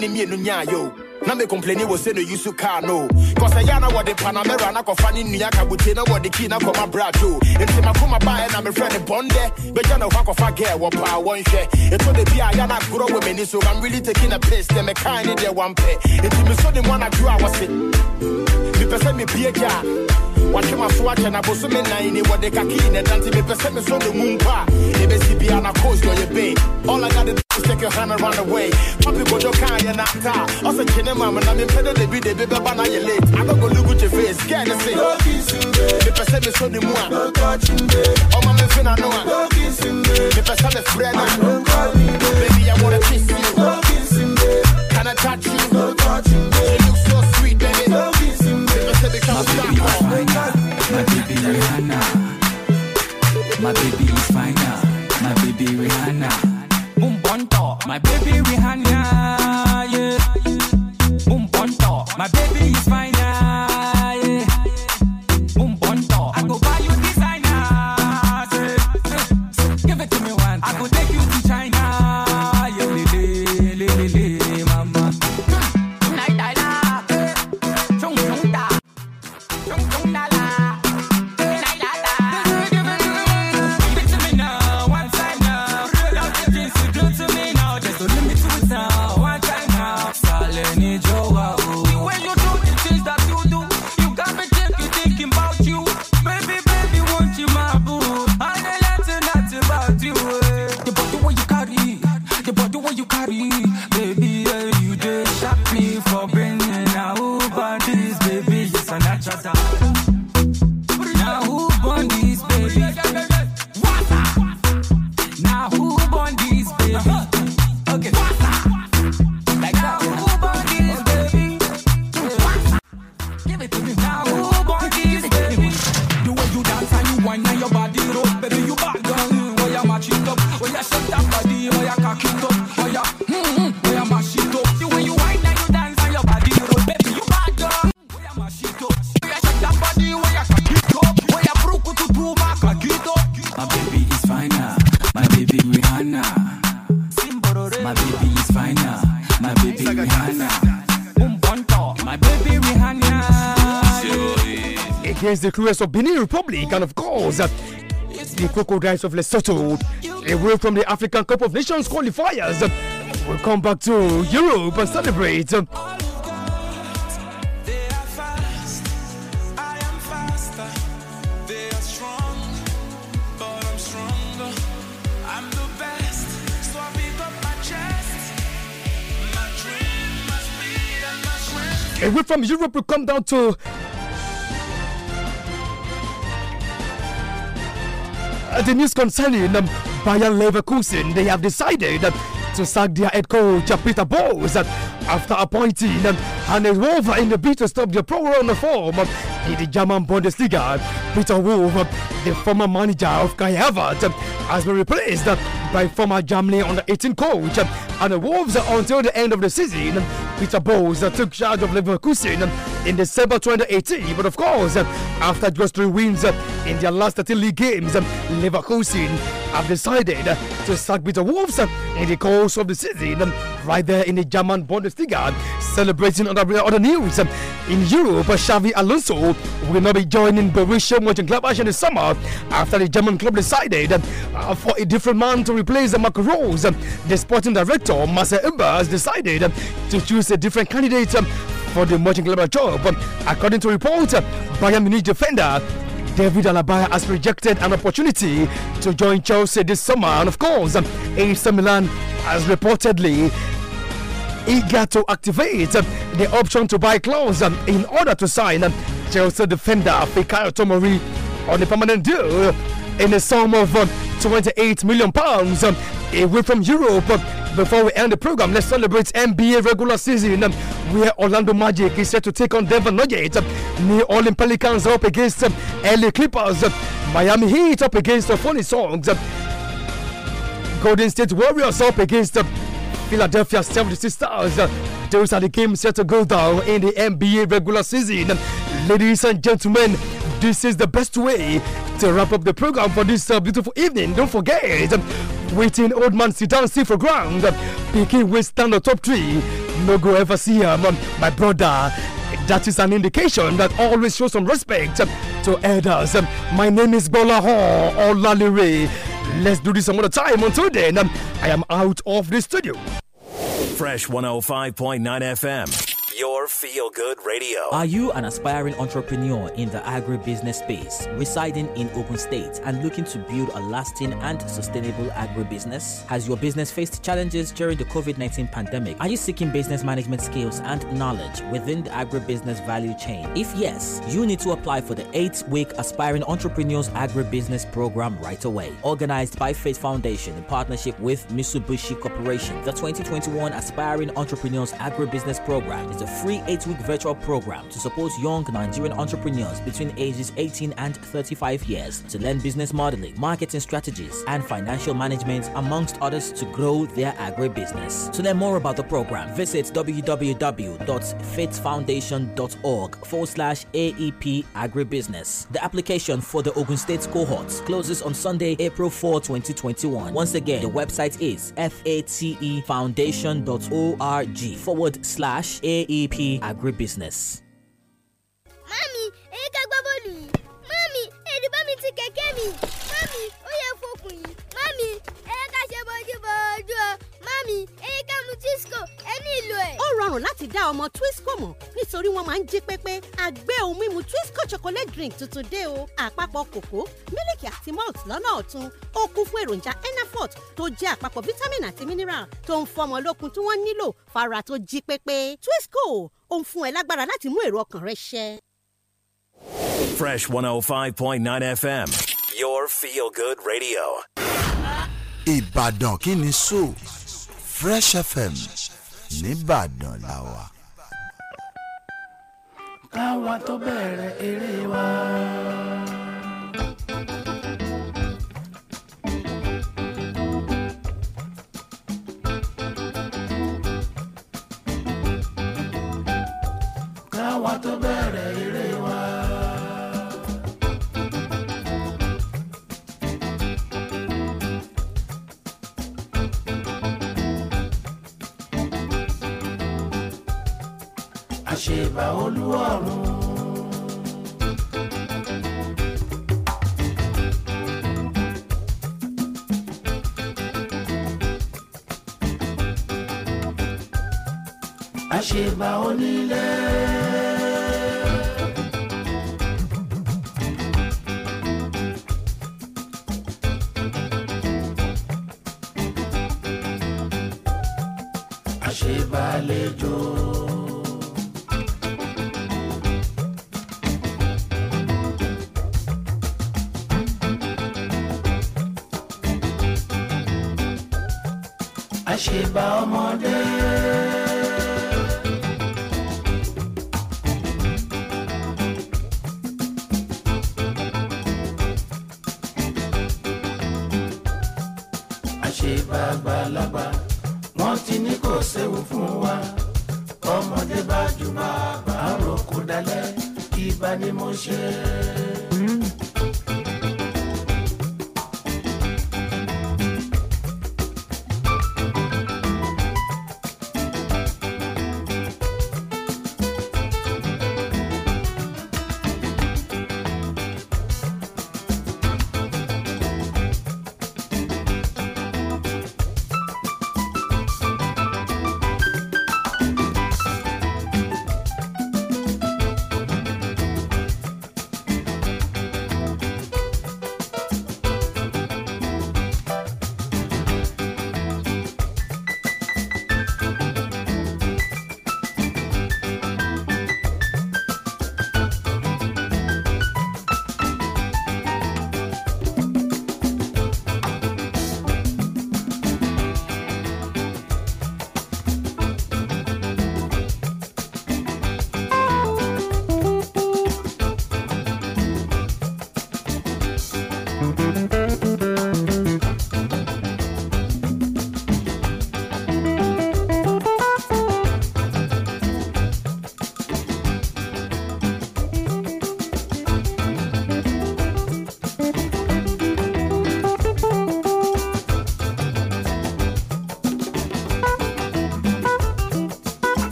ne mmienu nyaa yo na me complaini wɔ sɛ no yusu car no kɔsɛyɛ na wɔde panamera na kɔfa ne nnua kabote na wɔde kii na kɔma brato enti makoma baɛ na mefrɛ ne bɔndɛ bɛgya na hɔ akɔfa gɛɛ wɔ paa wɔnhwɛ ɛtɔ da bi a yɛ no agorɔ wɔ m'ani so i'm really taking a piss dɛ mekae ne deɛ wampɛ enti meso ne mu anadwo a wɔse mepɛ sɛ mepie gya watwe maso akyɛ na bosome nan ni wɔde kakii ne dante mepɛ sɛ me so ne mu mpa ɛbɛsi bia na coast ɔyɛ bay all i got to do is take your hand and run away papi kojo kaa yɛ na ata ɔsɛ kyene ma me na mepɛ dɛ debi debi bɛba na yɛ late look lugu your face gɛɛ ne se mepɛ sɛ me so ne mu a ɔma me no a mepɛ sɛ me frɛ Curious of Benin Republic, and of course, uh, the Crocodiles of Lesotho, away from the African Cup of Nations qualifiers, uh, will come back to Europe and celebrate. Uh, away from Europe, we come down to the news concerning um, Bayer Leverkusen. They have decided um, to sack their head coach uh, Peter Bowles uh, after appointing um, Hannes in the bid to stop the pro run form um, in the German Bundesliga. Peter Wolf, um, the former manager of Kai Havertz, has been replaced uh, by former Germany under 18 coach um, and the Wolves uh, until the end of the season. Peter Bowles uh, took charge of Leverkusen in December 2018, but of course, after just three wins in their last 30 league games. Um, Leverkusen have decided to sack Peter Wolves um, in the course of the season, um, right there in the German Bundesliga. Celebrating other, other news in Europe, Xavi Alonso will not be joining Borussia Mönchengladbach in the summer after the German club decided uh, for a different man to replace Marco Rose. The sporting director, Marcel Eber, has decided to choose a different candidate for the Mönchengladbach job. According to report, uh, Bayern Munich defender David Alaba has rejected an opportunity to join Chelsea this summer. And of course, AC Milan has reportedly eager to activate the option to buy clause in order to sign Chelsea defender Fikayo Tomori on a permanent deal in the sum of 28 million pounds away from Europe before we end the program, let's celebrate NBA regular season We um, where Orlando Magic is set to take on Denver Nuggets. Um, New Orleans Pelicans up against um, LA Clippers. Miami Heat up against the Funny Songs. Golden State Warriors up against Philadelphia 76ers. those are the games set to go down in the NBA regular season. Ladies and gentlemen, this is the best way to wrap up the program for this uh, beautiful evening. Don't forget, waiting old man see for ground. Picking, will stand on top tree. No go ever see him, my brother. That is an indication that always show some respect to elders. My name is Bola Ho Olalire. Let's do this some other time. Until then, I am out of the studio. Fresh 105.9 FM your Feel Good Radio. Are you an aspiring entrepreneur in the agribusiness space, residing in Open State, and looking to build a lasting and sustainable agribusiness? Has your business faced challenges during the COVID 19 pandemic? Are you seeking business management skills and knowledge within the agribusiness value chain? If yes, you need to apply for the eight week Aspiring Entrepreneurs Agribusiness Program right away. Organized by Faith Foundation in partnership with Mitsubishi Corporation, the 2021 Aspiring Entrepreneurs Agribusiness Program is a free eight week virtual program to support young Nigerian entrepreneurs between ages 18 and 35 years to learn business modeling, marketing strategies, and financial management, amongst others, to grow their agribusiness. To learn more about the program, visit www.faithfoundation.org forward slash AEP agribusiness. The application for the Ogun State cohort closes on Sunday, April 4, 2021. Once again, the website is fatefoundation.org forward slash AEP DP Agribusiness. Mami, èyí ká gbá bọ́ọ̀lù yìí. Mami, èdè bá mi ti kẹ̀kẹ́ mi. Mami, ó yẹ fokùn yìí. Mami, èyí ká ṣe bójúbójú o mami eyíkàmù twisco ẹ nílò ẹ. ó rọrùn láti dá ọmọ twisco mọ̀ nítorí wọ́n máa ń jí pépé àgbé ohun mímu twisco chocolate drink tuntun dé o àpapọ̀ kòkó mílìkì àti malt lọ́nà ọ̀tun ó kún fún èròjà enafort tó jẹ́ àpapọ̀ vitamin àti mineral tó ń fọmọ lókun tí wọ́n nílò fara tó jí pépé twisco ó ń fún ẹ lágbára láti mú èrò ọkàn rẹ ṣẹ. Fresh 105.9 FM, your feel good radio. Ìbàdàn kí ni sọ? Fresh FM nìbàdàn la wà. káwa tó bẹ̀rẹ̀ eré wa. káwa tó bẹ̀rẹ̀. àṣebà olúwarùn. àṣebà onílẹ̀. àṣebà ọmọdé. àṣebà àgbàlagbà wọ́n ti ní kò séwu fún wa ọmọdé bá jùmọ̀ àbárò kó dalẹ̀ kí bá ní ṣe é.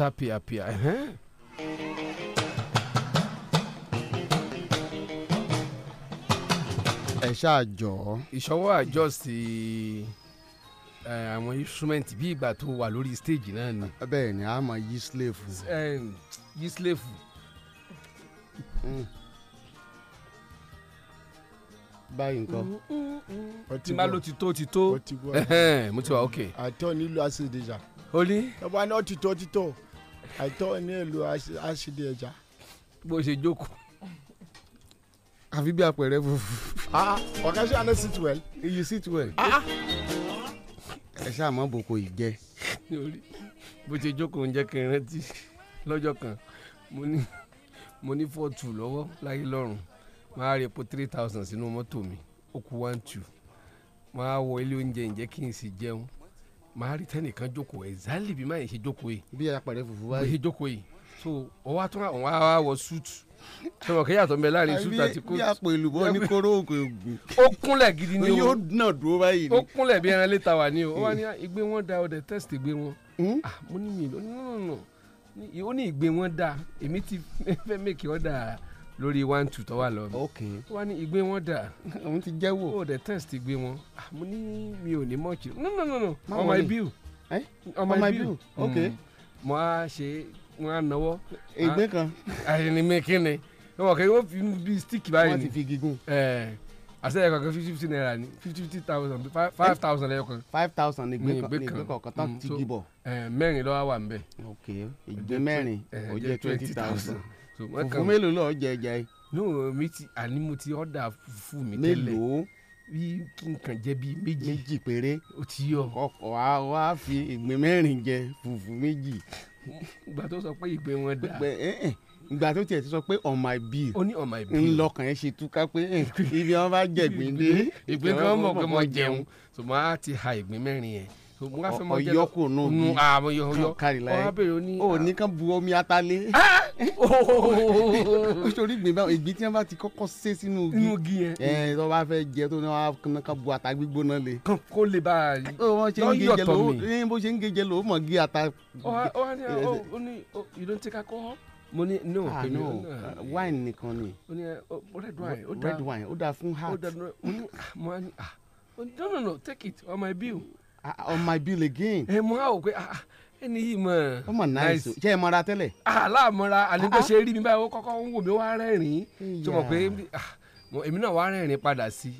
Master Pia Pia. Uh-huh. ẹ ṣáàjọ. ìṣọwọ́ àjọ sí àwọn instrument bí ìgbà tó wà lórí stage náà ni. bẹ́ẹ̀ ni a mọ yí slave. yí slave. Hmm. báyìí nǹkan. Mm, mm, mm. tí má ló ti tó ti tó mo ti wà ok. àtọ nílùú àṣìdìjà. ó ní. ẹ bá ní ó ti tó ti tó àìtọ́ ẹni èlò àṣìdí ẹja. bó ṣe jókòó. àfi bí apẹ̀rẹ̀ fufu. Ah, ah, ọ̀gá ṣe àná sit well. you sit well. Ah, ẹ ṣáà mọ boko yìí jẹ. bó ṣe jókòó ń jẹ́ kí n rántí lọ́jọ́ kan mo ní mo ní four two lọ́wọ́ láyé lọ́rùn máa rí epo three thousand sínú mọ́tò mi ó kù one two máa wọ ilé oúnjẹ ǹjẹ́ kí n sì jẹun màá rí tẹ́nìkan jókòó exactly bí máa ń ṣe jókòó yìí. bí apàdé fùfú báyìí. bí ṣe jókòó yìí so ọwọ́ àtúnwá òun á wọ súùtù sọ̀rọ̀ kí yàtọ̀ ń bẹ láàrin súùtù àti kóòtù. bí àpò èlùbọ́ ní kóró ògùn ègùn. ó kúnlẹ̀ gidi ni o yóò náà dúró báyìí ni. ó kúnlẹ̀ bí ẹran létà wà ní o ó wá ní hmm. ah, ìgbé wọn da ọdẹ test ìgbé wọn. Hmm? Ah, mo ní mi ò ní ìgbé wọn da èmi ti (laughs) fẹ́ mèkì ọ̀dà lórí one two tó wà lọ. ok wọ́n ní ìgbé wọn dà. (laughs) òun ti jẹ́wọ́. o de test ìgbé wọn. Ah, mo ní mi ò ní mọ̀ọ́kì. no no no no on my bill. on my bill ok. mo á ṣe mo á nawọ́. ìgbé ah, kan. àyìnrìn mi kí ni wọn kì í fi bí stick báyìí ni. wọ́n ti fi gígùn. àṣẹ ẹ̀kọ́ kan fifty fifty naira ni fifty fifty thousand five thousand ẹ̀kọ́ kan. five thousand ìgbé kan kọ̀ọ̀kan tán mm, ti gíbọ̀. mẹ́rin ló wà wà ń bẹ̀. ok ìgbé mẹ́rin ó jẹ́ twenty thousand fùfú mélòó lọ jẹjẹ. no mi ti àní mo ti ọ̀dà fùfú mi tẹ́lẹ̀ mélòó bí kí n kàn jẹ bíi méjì. méjì péré o ti yọ. ọkọ wa wá fi ìgbín mẹ́rin jẹ fùfú méjì. ìgbà tó sọ pé ìgbín wọn dà. ìgbà tó tiẹ̀ ti sọ pé on my bill. ó ní on my bill. ńlọkàn yẹn ṣe túká pé ibi wọn bá jẹ ìgbín dé. ìgbín kan mọ̀ pé mo jẹun ṣùgbọ́n a ti ha ìgbín mẹ́rin yẹn mo ká no. mọ jẹ́ ọyọkù nù bí ọyọ kárìlá yẹ o ní ah. kàn bu omi atalé. o (laughs) ah! sori (laughs) gbin báwọn ìgbín tí wọn bá ti kọ́kọ́ sé sínú igi inú igi yẹn ẹ tó bá fẹ́ jẹ tó náà kàn bu ata gbígbóná le. kàn kó lè bá a rí lọ́yọ̀ tọ̀ mi. bó ṣe ń gejẹ lò ó mọ̀ gí ata. ọ ọ ní ọ oh, ní oh, you don't take alcohol mo ní no ah, no ah, wine nìkan ni. o Ni oh, red wine ó dáa red wine ó dáa fún heart. ó dáa mo ní ah no no no take it on my bill. Ah, on my bill again. ẹ mọ àwọn pé ah, ah, ẹni yìí mọ. ó mọ náìsì jẹ́ ẹ mọ́ra tẹ́lẹ̀. aláàmọ́ra àní bó ṣe rí mi báyìí ó kọ́kọ́ ń wò mí wá rẹ́rìn-ín tó mọ̀ pé èmi náà wá rẹ́rìn-ín padà sí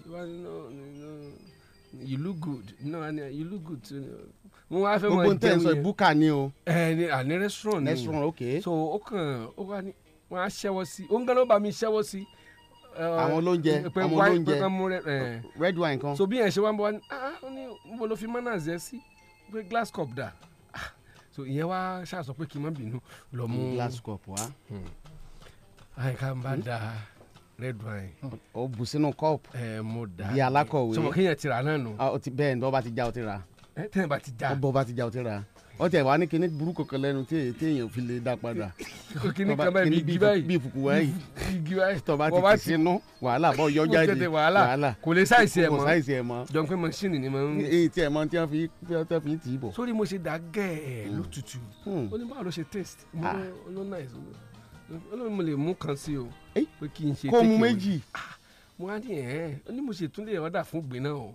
you look good no you look good too mo wá fẹ́ mọ jẹun yẹn gbogbo ntẹ́ sọ búkà ni o. ẹ eh, ní àní restaurant ni restaurant ok. so ó kàn ó wá ní wọn á ṣẹ́wọ́ sí i ó ń gan ló bá mi ṣẹ́wọ́ sí Eh, àwọn olóúnjẹ eh, àwọn olóúnjẹ eh. red wine kan. so bí yẹn ṣe wá ń bọ wá ní ah, ah ó ní níbo ló fi manners sí pé glass cup dà ah, so ìyẹn wá ṣàṣọ pé kí n má bínú lọ mú. glass cup wa. Hmm. àyíká ń bá da red wine. o bù sínú cup. ẹ mo da bí alákọ̀wé. sọmọ kéèyàn ti rà náà nù. bẹ́ẹ̀ ni bọ́ba ti já o ti rà. ẹ tẹ́lẹ̀ bá ti já. bọ́ba ti já o ti rà wọ́n tiẹ̀ wá ní kíní burúkú kan lẹ́nu tí èèyàn fi lè dá padà kíní kan bẹ́ẹ̀ bí igi báyìí bí ìfukù báyìí igi báyìí tọ́ba ti ti sinú wàhálà bọ́ yọ jáde wàhálà kò lè sáìsì ẹ̀ mọ́ kò sáìsì ẹ̀ mọ́ jọ pé mọ́ṣíìnì ni mo ń. èyí tí ẹ̀ mọ́ tí wọ́n fi tí wọ́n fi tì í bọ̀. sórí mo ṣe dà gẹ́ẹ̀ hmm. lótùtù hmm. ó ní báwo ló ṣe taste mo ló ah. mo lè mú o eh? pé kí n ṣe tẹ́kì kó mu méjì. mo á ní ẹ̀ mo ṣètúndé ọ̀dà fún gbé o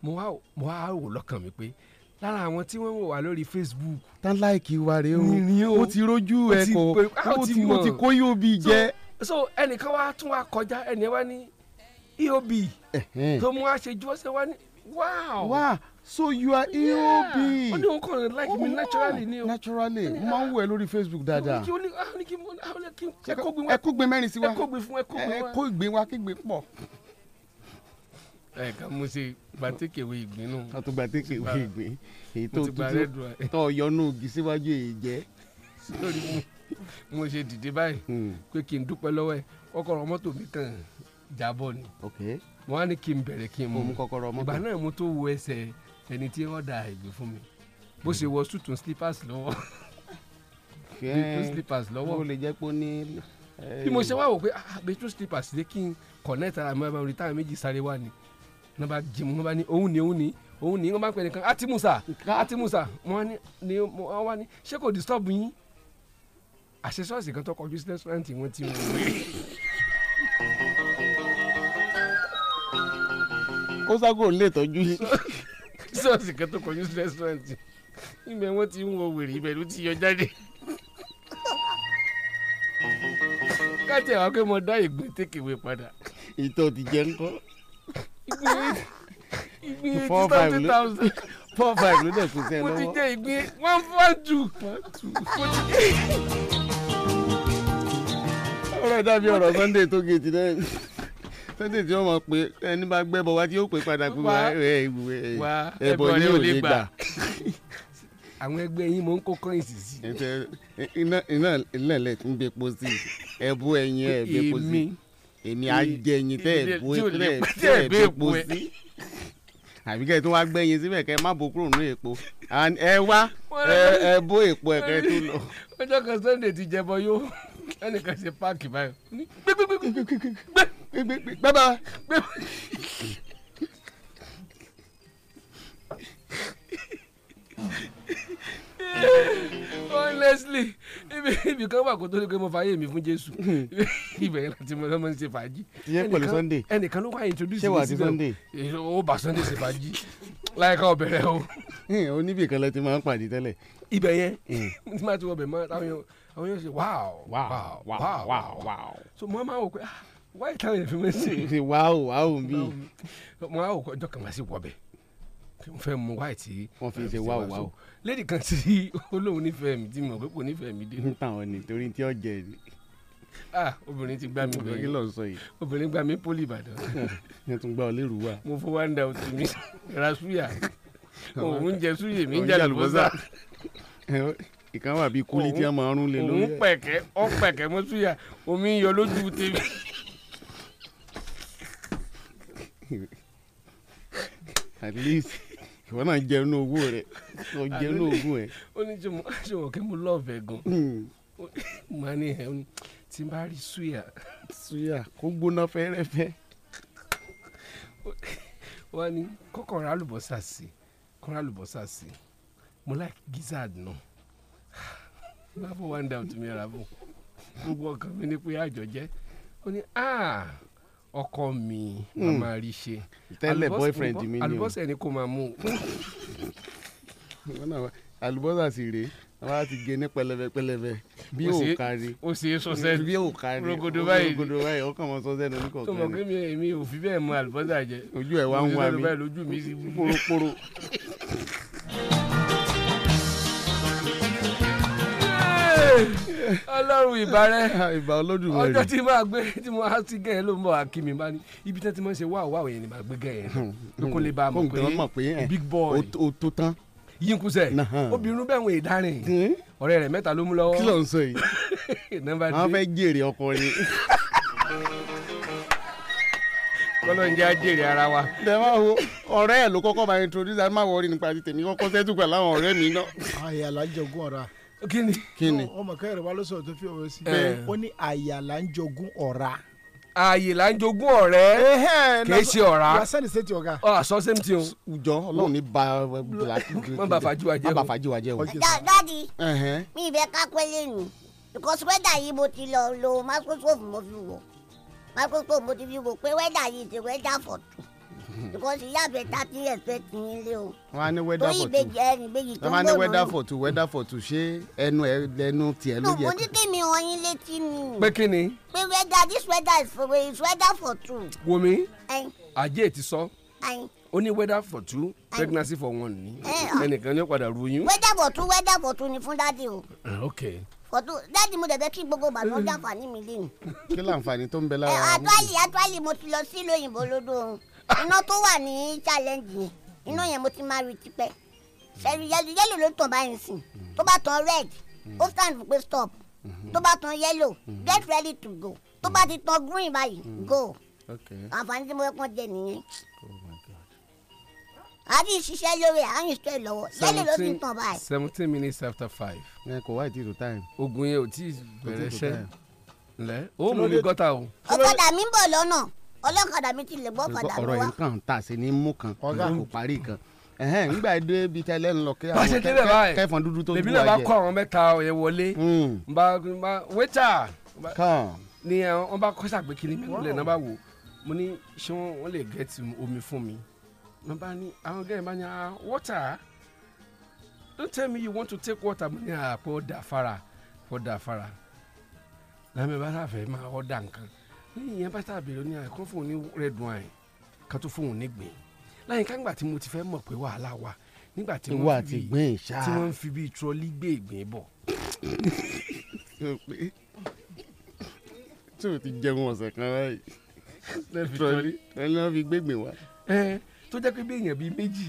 mo wá lára àwọn tí wọ́n wò wá lórí facebook. tán láìkì wa rèé o ó ti rójú ẹ kò ó ti kó eob jẹ. so ẹnìkan wá tún wá kọjá ẹnìyẹn wá ní eob tó mú wá ṣe jọ́sẹ̀ wá ní wow. wow so you are eob. E ó ní òun kàn like mi oh, naturally ni o. naturally mo máa ń ah. wò ẹ lórí facebook dáadáa. ẹ kó gbin mẹ́rin sí wa ẹ kó gbin fún ẹ kó gbin wa. ẹ kó gbin wa kí gbin pọ̀ ẹ̀ẹ̀kan mo ṣe gbàtẹ́kẹ̀wé ìgbín nù. a tún gbàtẹ́kẹ̀wé ìgbín èyí tó tutù tó yọnu ògì síwájú èyí jẹ́. sórí mo ṣe dìde báyìí hmm. pé kí n dúpẹ́ lọ́wọ́ ẹ̀ kọ́kọ́rọ́ mọ́tò mi kàn jábọ́ ni wọ́n á ní kí n bẹ̀rẹ̀ kí n mú kọ́kọ́rọ́ mọ́tò ìgbà náà mo tó wo ẹsẹ̀ ẹni tí wọ́n da ìgbín fún mi bó ṣe wọ sùtún slippers lọ́wọ́ sùtún slippers lọ́wọ́ ó lè jẹ́ pé ó ní bí mo ṣe eh, wá wò pé ah betrú slippers lé kí n connect ara mi ọmọ orí táwọn méjì sáré wá ni ní bá jí mu ní bá ní òun ní òun ní òun ní wọ́n bá pẹ̀lẹ́ kan àti musa àti musa wọ́n wá ní ṣé kò disturb yín àṣẹ ṣọ́ọ̀ṣì kan tó kọjú sí restaurant wọn ti wọ́n. ó ságo lè tọ́jú yín. ṣọ́ọ̀ṣì kan tó kọjú sí restaurant ibẹ̀ wọ́n ti ń wọ wèrè ibẹ̀ ló ti yọ jáde. káàtì àwọn akẹ́kọ̀ọ́ dá ìgbín tékèwé padà. ìtọ́ ti jẹ́ ńkọ́ ìgbín four five ló four five ló dẹ̀ pèsè ẹ lọ́wọ́. mo ti jẹ ìgbín one four two. mo ti jẹ. ọ̀rọ̀ dàbí ọ̀rọ̀ Sunday tó gé tirẹ̀ Sunday tí wọ́n mọ̀ pé ẹni bá gbẹ́bọ wá tí yóò pè padà pé ẹbọ ni ò lè gbà àwọn ẹgbẹ́ yín mò ń kó kọ́yìn sí sí. iná iná ilẹ̀ lẹ̀ ń gbé epo sí ẹ̀bú ẹ̀yìn ẹ̀ gbé epo sí èmi á jẹ ẹyin tẹ ẹ bu ẹ bẹ epo sí àbí kẹ́ tó wá gbẹ́yìn síbẹ̀ kẹ́ má bo kúrò nínú èpo ẹ wá ẹ bó èpo ẹ kẹ́ tó lọ. ọjọ́ kan sunday ti jẹbọ yó ẹnìkan ṣe páàkì báyìí gbẹ́bà (laughs) honestly ibi kan wà kó tó ní pé mo fààyè mi fún jésù (laughs) ibẹ̀ yẹn láti mo lọ́mọ ń ṣe fàájì. tiẹ́ pẹ̀lú sunday ẹnìkan ló wá introduce mi síbẹ̀ ó bá sunday ṣe fàájì láìka ọ̀bẹ̀rẹ̀ o. oníbì kan lẹ ti máa ń pàdé tẹ́lẹ̀. ibẹ̀ yẹn (laughs) tí máa ti wọ bẹ̀ mọ́ àwọn yẹn àwọn yẹn ṣe wow wow wow wow so mo máa wò pé wáyé táwọn yẹn fi mọ́ ṣe. wow wow mi. mo máa wò pé ọjọ́ kan máa ṣe wọ bẹ̀ mo fẹ́ mu wáyé wọ́n fi ṣe wow wow lady kan tí olóhùn nífẹ̀ẹ́ mi tí mo pé kò nífẹ̀ẹ́ mi dé. n tàwọn ni torí tí ó jẹ ni. ah obìnrin ti gbá mi bẹ́ẹ̀ obìnrin lọ sọ yìí. obìnrin gbá mi poli ìbàdàn. yẹn (laughs) tún gbá ọ lérò wa. mo fọ wá ń da òtún mi (laughs) ra súyà òun jẹ súyè mi ń jà lùbọ́sà. ìkan wà bíi kúlí tí a máa rún lé lórí. òun pẹ̀kẹ́ ọ pẹ̀kẹ́ mọ́ súyà omi ń yọ lójú tèmi. (laughs) at least ìwọ náà jẹ inú owó rẹ ìwọ jẹ inú oògùn hmm. ẹ. ó ní ṣòwò kí mo lọ́ọ̀fẹ́ gan mo ní ẹ tí n bá rí suya. suya kó gbóná fẹ́rẹ́fẹ́. wọ́n ní kọ́kọ́ ra àlùbọ́sà sí kọ́ra àlùbọ́sà sí mo like gizzard náà láfọ̀ (sighs) one down to me ra bọ̀ gbogbo ọkàn mi ni pé àjọ jẹ́ ó ní aah ọkọ mi a hmm. máa rí ṣe. tẹ́lẹ̀ boyfriend mi ni o àlùbọ́sà ni kò máa mú o. àlùbọ́sà sì rèé àwọn àti gé ní pẹlẹbẹ pẹlẹbẹ bí yóò kárí o sì sọ sẹnu bí yóò kárí rogodo báyìí rogodo báyìí ọkàn mọ sọ sẹnu oníkọọkan tó mọ pé mi èmi ò fi bẹ́ẹ̀ mọ àlùbọ́sà jẹ ojú ẹ̀ wá ń wá mi lójú mi sí poroporo. Hey! ọlọ́run ìbárẹ́ (laughs) ọjọ́ tí máa gbé tí mo á sí gẹ̀ẹ́ ló ń bọ̀ akí bá ní ibi tí wọ́n ti máa ń ṣe wáwọ̀ wáwọ̀ yẹn ni màá gbé gẹ̀ẹ́ yẹn kó lè bá a mọ̀ pé big boy o tó tán yínkusẹ obìnrin bẹ́ẹ̀ wọ̀nyí dárin ọ̀rẹ́ rẹ̀ mẹ́ta ló mú lọ́wọ́ kí ló ń sọ yìí (laughs) wọ́n fẹ́ jèrè ọkọ ni (laughs) ń jẹ́ àjèrè ara wa. ǹjẹ́ máa ọ̀rẹ́ ẹ̀ ló kọ́kọ́ máa introduce ẹ máa nípa ti tèmi kọ́kọ́ sẹ́tù pẹ̀lú ọ̀rẹ́ mi náà. àyà lájọgún ọ̀rọ̀ à kíni. kíni ọmọ kẹrẹ wa ló sọ tó fi ọ̀rọ̀ sí. ó ní àyà là ń jogún ọ̀ra. àyè là ń jogún ọ̀rẹ́ kìí ṣe ọ̀ra. wà á sẹ́ni sétí ọ̀gá. ọ àsọ sẹ́ni tí o. jọ Ọlọ́run ní ba má bà fàájì wa jẹ o. má bà fàájì wa jẹ o. dadi mi ìfẹ́ kápẹ́ lẹ́nu because wẹ́dà yìí mo ti lọ lo microscope mo fi wọ̀ microscope mo ti fi wọ̀ pé wẹ́dà yìí ti wẹ́dà for because ìyá àbẹ̀ta ti respect mi lé o. wọn á ní weather for two tó ìbejì ẹni ìbejì tó ń wọn á ní weather for two weather for two ṣé ẹnu ẹ lẹnu tiẹ ló yẹ. mo ní kí mi hàn yín létí mi. pé kí ni. pé weather this weather is for is weather for two. wumi ajé ti sọ ó ní weather for two pregnancy for one ni ah. ẹnìkan ní padà ru yín. weather for two weather for two ni fún dádì o. Ah, okay fọtò dáàdi mo dẹ̀bẹ̀ kí gbogbo bàbá ọjà àǹfààní mi lé mi. kí ló àǹfààní tó ń bẹ lára. àtúwálì àtúwálì mo ti lọ sí òyìnbó lódò iná tó wà ní challenge yẹn iná yẹn mo ti máa rí tipẹ́ ṣẹ́ni yẹ́lò yẹ́lò ló tàn báyìí sìn tó bá tàn red ó stand pé stop tó bá tàn yellow get ready to go tó bá ti tàn green báyìí go àǹfààní tí mo fẹ́ pọ́n jẹ nìyẹn àbí oh ìṣiṣẹ́ lórí àárín ìṣe lọ́wọ́ lẹ́lẹ̀ ló ti ń tàn báyìí. seventeen minutes after five. ẹ kò wá ìdílù time. ogun yẹn ò tí ì bẹ̀rẹ̀ iṣẹ́ lẹ́ o mú mi gọ́tà o. ọ̀kadà mi ń bọ̀ lọ́nà ọlọ́kadà mi ti lè gbọ́ kadà wá. ọ̀rọ̀ yìí kan tà sí ní mú kan kò parí kan ngbà dé ibi tẹ́lẹ̀ ń lọ kẹfọn dúdú tó dúwà jẹ. èmi náà bá kọ́ àwọn mẹ́ta ọ̀yẹ́ wọlé hmm. wẹ́tà ni wọ́n bá kọ́ sàgbé kiri mi lẹ̀ náà bá wò mo ní ṣé wọ́n lè gẹ̀ẹ́tì omi fún mi wọ́n bá ní àwọn gẹ̀ẹ́ bá ní ah, wọ́tà don't tell me you want to take water mo ní àpò ah, dàfara àpò dàfara làmì bá sàfẹ́ máa ọ̀ nǹkan ìyẹn bá tàbí lóní àìkún fún un ní rẹdùn àì kan tó fún un nígbìn láyìn káńgbà tí mo ti fẹ́ mọ̀ pé wàhálà wà nígbà tí wọ́n fi bí tí wọ́n fi bí trọ́lí gbé ìgbín bọ̀. tí o ti jẹun ọ̀sẹ̀ kan báyìí trọ́lí ẹ̀ lọ́ fi gbégbè wá. ẹ tó jẹ́ pé bí èèyàn bíi méjì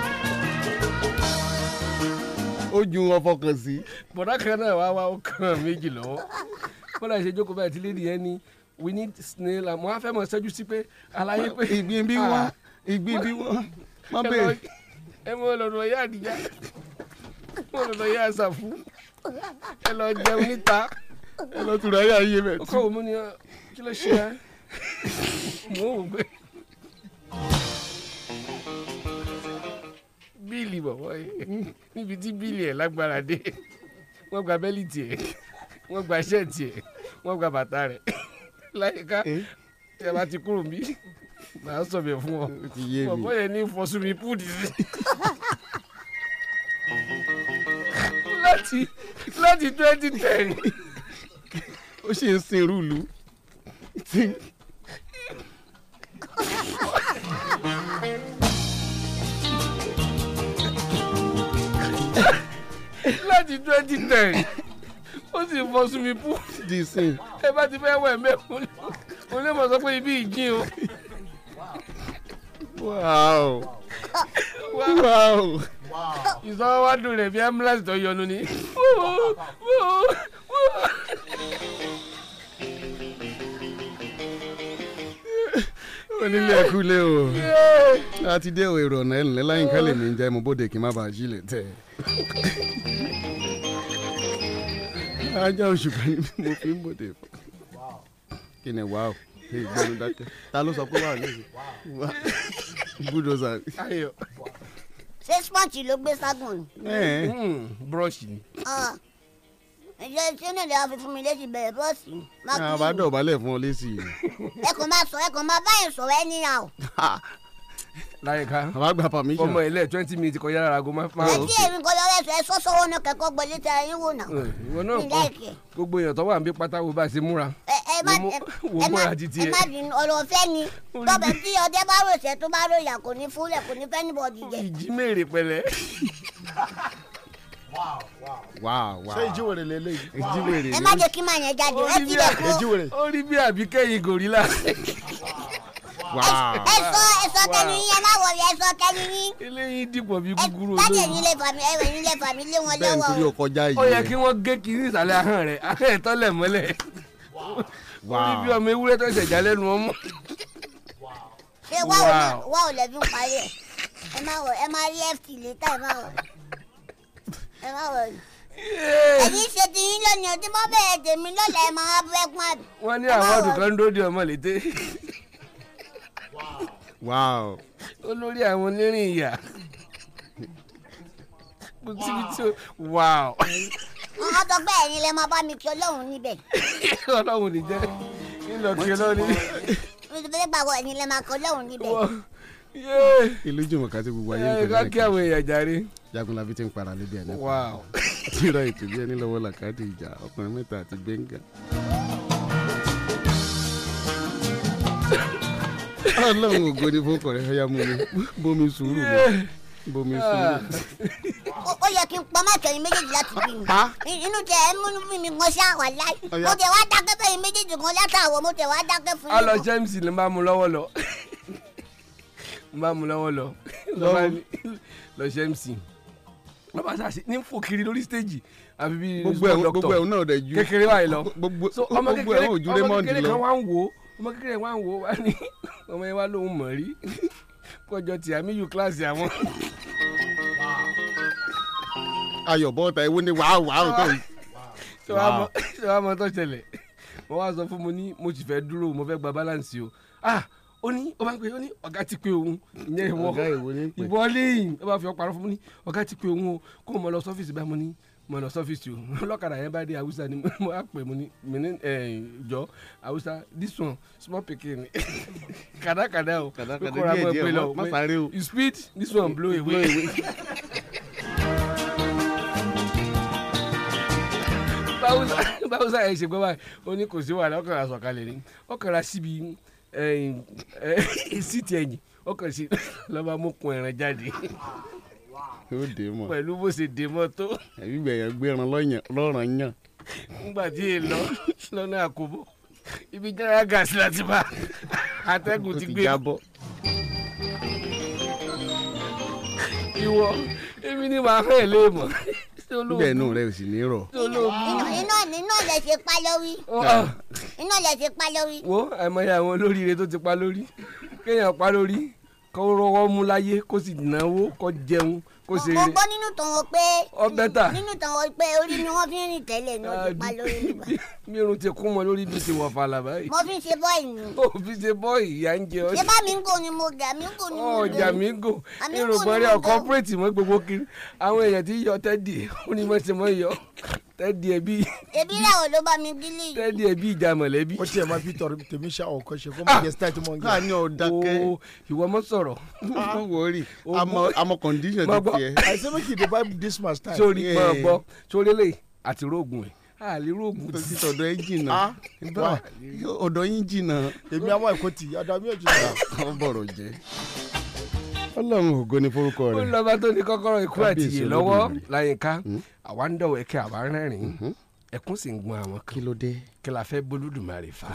ó ju ọfọ kan sí. bọ̀dá kan náà wá wá ó kàn méjì lọ́wọ́ kọ́lá ìṣèjókòó báyìí tí lédi yẹn ni we need snail and mo á fẹ́ mọ̀ ṣẹ́jú sí pé àlàyé pé. ìgbín bí wọ́n ah. ìgbín bí wọ́n má bẹ̀rẹ̀. ẹ mọ lọ́dọ̀ yá àdìjá mo lọ́dọ̀ yá àṣàfù ẹ lọ jẹun níta. ẹ lọ tura yá iye bẹ̀ tí. ọkọ òun ni kí ló ṣe é mo ò gbé bíìlì bọ̀bọ̀ yìí níbi tí bíìlì ẹ̀ lágbára dé wọ́n gba bẹ́lí tiẹ̀ wọ́n gba iṣẹ́ tiẹ̀ wọ́n gba bàtà rẹ̀ láyìíká eh? tí a bá ti kúrò mí màá sọ̀bẹ̀ fún ọ bọ̀bọ̀ yẹn ní fọ́sùnmi púùdì sí láti láti twenty ten ó ṣe ń sin rúlu. láti twenty ten ó sì fọ sunmi pú ẹ bá ti fẹ́ wẹ̀ mẹ́ onímọ̀ sọ pé ibi ìjìn o. wow wow ìsọwọ́ wá dùn rẹ̀ bí ambulance tó yọnu ni. onílé ẹkú lé o a ti dé èrò ọ̀nà ẹ̀ ńlẹ́ láyìn kálẹ̀ mi jẹ́ mo bóde kí n má bàa jí lè tẹ̀. ajá oṣù kan ni mo fi ń bóde fún kí ni wàá ìgbẹ́nu dákẹ́ ta ló sọ pé wàá ní ìsìn búdòzà. ṣé sponge ló gbé ságun ni. Hmm, búrọ́ọ̀ṣì ni. Ah ǹjẹ́ sínú ìlera fi fún mi létí bẹ̀rẹ̀ bọ́ọ̀sì. àwọn ah, bá dọ̀bálẹ̀ fún ọ lésì. ẹ kò máa sọ ẹ kò máa báyìí sọ̀rọ̀ ẹ níyà o. (laughs) láyìíká àwọn àgbà permission. ọmọ ilé twenty minutes kọjá lára aago márùn. ẹ tí èmi kọjá ọlẹ́ sọ ẹ sọ sọ́wọ́ náà kẹ́kọ́ gbọ́ létí ẹyin wò náà. Eh, ìwọ náà kọ gbogbo èèyàn tó wà ń bí pátáwó bá ti múra. ẹ má ẹ má ẹ má dín ọ̀rọ̀ ọ̀fẹ́ ni tọ́bẹ̀ tí ọdẹ bá rò ṣẹ́ tó bá rò yà kò ní fúnlẹ̀ kò ní fẹ́ níbọ̀ jíjẹ. ìjímèrè pẹ̀lẹ́. (laughs) wáá wáá ṣé ìjíwèrè lélẹ̀ yìí. ìjíwèrè lélẹ̀ ẹ má jẹ́ kí màá yẹn jáde ó ti dẹ̀kú. ìjíwèrè ó rí bí àbíkẹ́yìn gòrílà. ẹ sọ ẹ sọ tẹnu yín ẹ má wọlé ẹ sọ tẹnu yín. eléyìí dìbò bí gúgúrú olóòrùn. bájẹ̀ nílé fàmí ẹ̀wẹ̀ nílé fàmí lé wọn lọ́wọ́. bẹ́ẹ̀ nítorí o kọjá yìí. ó yẹ kí wọ́n gé kiri ìsàlẹ̀ ahọ́n rẹ̀ ahọ́n ẹ̀ tọ́lẹ̀ mọ́lẹ̀. orí bí ọmọ ewúrẹ́ tó ṣẹ̀já lẹ́nu ọmọ. ṣé wàá ò lẹ́bí parí ẹ̀ ẹ má rí ẹ má wọ̀ ẹ má wọlé èyí ṣe ti yín lónìí tí mo bẹ̀rẹ̀ tèmi lọ́la ẹ̀ máa bẹ́ pọ́n àbí. wọ́n ní àwọ̀dù kan dóde ọmọ létè. olórí àwọn onírìn ìyá kùtìkùtì wàá. wọ́n sọ pé ẹ̀yin lè máa bá mi kí ọlọ́run níbẹ̀. ọlọ́run ní jẹ́ ńlọ kí ọlọ́run níbẹ̀. mi ò fẹ́ gbàgbọ́ ẹ̀yin lè máa kí ọlọ́run níbẹ̀ ìlú jùmọ̀ ká ti gbogbo ayé nìkan nìkan kí àwọn èèyàn jàre. jagunlabi ti ń para lébi ẹni kan tíra ètò ẹni lọ́wọ́ làkàdé ìjà ọkùnrin mẹ́ta àti gbẹ̀ngà. ọlọ́run ògo ni fún kọ̀rẹ́ ọ̀yà mú mi bómi sùúrù mi bomi sùúrù. ó yẹ kí n pa máàkì ẹyin méjèèjì láti bí mi inú tẹ ẹ múnú bí mi gan ṣá wà láì mo tẹ wá dákẹ́ fẹ́yìn méjèèjì gan látàwọ̀ mo tẹ wá dákẹ́ fún yín. alọ james ló máa mú lọ́wọ́ lọ n bá mu lọ́wọ́ lọ (laughs) lọ ṣe mc wọ́n bá ṣàṣe ní fò kiri lórí stéèjì àfi bí dókítà gbogbo ẹ̀hún náà rẹ̀ ju kékeré wa yìí lọ (laughs) ọmọ kékeré ọmọ kékeré kan wá ń wò ọmọ kékeré wá ń wò wá ní (laughs) ọmọ yẹn wá lóhùn mọ̀ rí kọjọ tí àmì yù kíláàsì àwọn. ayọ̀ bọ́ta ewu ni wàá wàá tó yìí. sọ wàá mọ tó ṣẹlẹ̀ wọ́n wá sọ fún mi ní mo sì fẹ́ dúró mo fẹ́ gba balance o ah ó ní ó bá ń pè ó ní ọ̀gá ti pé òun ìyẹn ìwọ ìwọ lẹ́yìn ó bá fi ọparọ́ fún mi ní ọ̀gá ti pé òun o kó mọ lọ sọ́fíìsì bá mo ní mo lọ sọ́fíìsì o (laughs) ọlọ́kadà yẹn bá dé Hausa ni mo (laughs) á pè mo ní mi ní jọ Hausa this one small pikin (laughs) kàdákàdá o kókóra mọ̀ pé lọ you speed this one blow away. báwo sáyẹn ṣe gbọ́ báyìí ó ní kò sí wàhálà ọkàn ra ni ọkàn ra síìtì (laughs) ẹ̀yìn ó kàn sí (laughs) lọ́ba mú kun ẹran jáde pẹ̀lú bó ṣe dé mọ́ tó. ẹ̀bí gbẹ̀yàn gbẹ̀ràn lọ́ràn yàn. nígbà tí èè lọ lọ́nà àkóbó ibi jẹ́rẹ́ gàásì láti bá atẹ́gùn ti gbé. ìwọ èmi ni màá fẹ́ lé mọ́ bẹ́ẹ̀ nù rẹ̀ sì ní rọ̀. iná iná lè ṣe pa lórí ah. iná lè ṣe pa lórí. wo àìmọye àwọn olóríire tó ti pa lórí kéèyàn pa lórí kó rọwọ́ mú láyé kó sì náwó kó jẹun kó mo gbọ́ nínú tàn wọ́n pé ọbẹ̀ ta nínú tàn wọ́n pé orí ni wọ́n fi ń rìn tẹ́lẹ̀ ní ojú pa lórí ìgbà. (laughs) mi irun ti kún mọ lórí bí ti wọ fàlà báyìí. mo fi ṣe bọ́ọ̀ì ni. o fi ṣe bọ́ọ̀ì ìyá ń jẹ ọ. ṣé bá mi ń gò ni mo gà mí ń gò ni mo gò. ọjà mi ń gò irun kan rí ọkọ pírètì gbogbo kiri àwọn èèyàn ti yọ tẹ́dì (laughs) ó ní mọ̀ ṣe mọ̀ yọ tẹ́dí ẹ bí. ebi rẹ ò ló bá mi gílì. tẹ́dí ẹ bí ìjà mọ̀lẹ́bí. ó tiẹ̀ máa fi tọrọ tèmi ṣá ọkọ ṣe kó má jẹ style tí mo dákẹ́. o ìwọ mọ sọ̀rọ̀. mo wò ó rí condition ti tiẹ̀. I say make you dey buy this much time. sori mọ ọgbọ sori àti rógùn ẹ àlè rógùn ti tọ̀dọ̀ ẹ jìnnà ah, ọ̀dọ̀ yín jìnnà. èmi àwọn ẹ̀kọ́ ti ọ̀dọ̀ mi ò jìnnà. wọ́n ah, bọ̀rọ̀ jẹ́ ọlọ́run ògo ni forúkọ rẹ̀. ó lọ́ba tó ní kọ́kọ́rọ́ ikú àti ìyè lọ́wọ́ láyìíká hmm? àwa ń dọ̀wọ́ ẹ̀kẹ́ àwa rẹ́rìn-ín mm-hmm. ẹkún sì ń gun àwọn kan kí ló dé kí la fẹ́ bólúdùmarè fa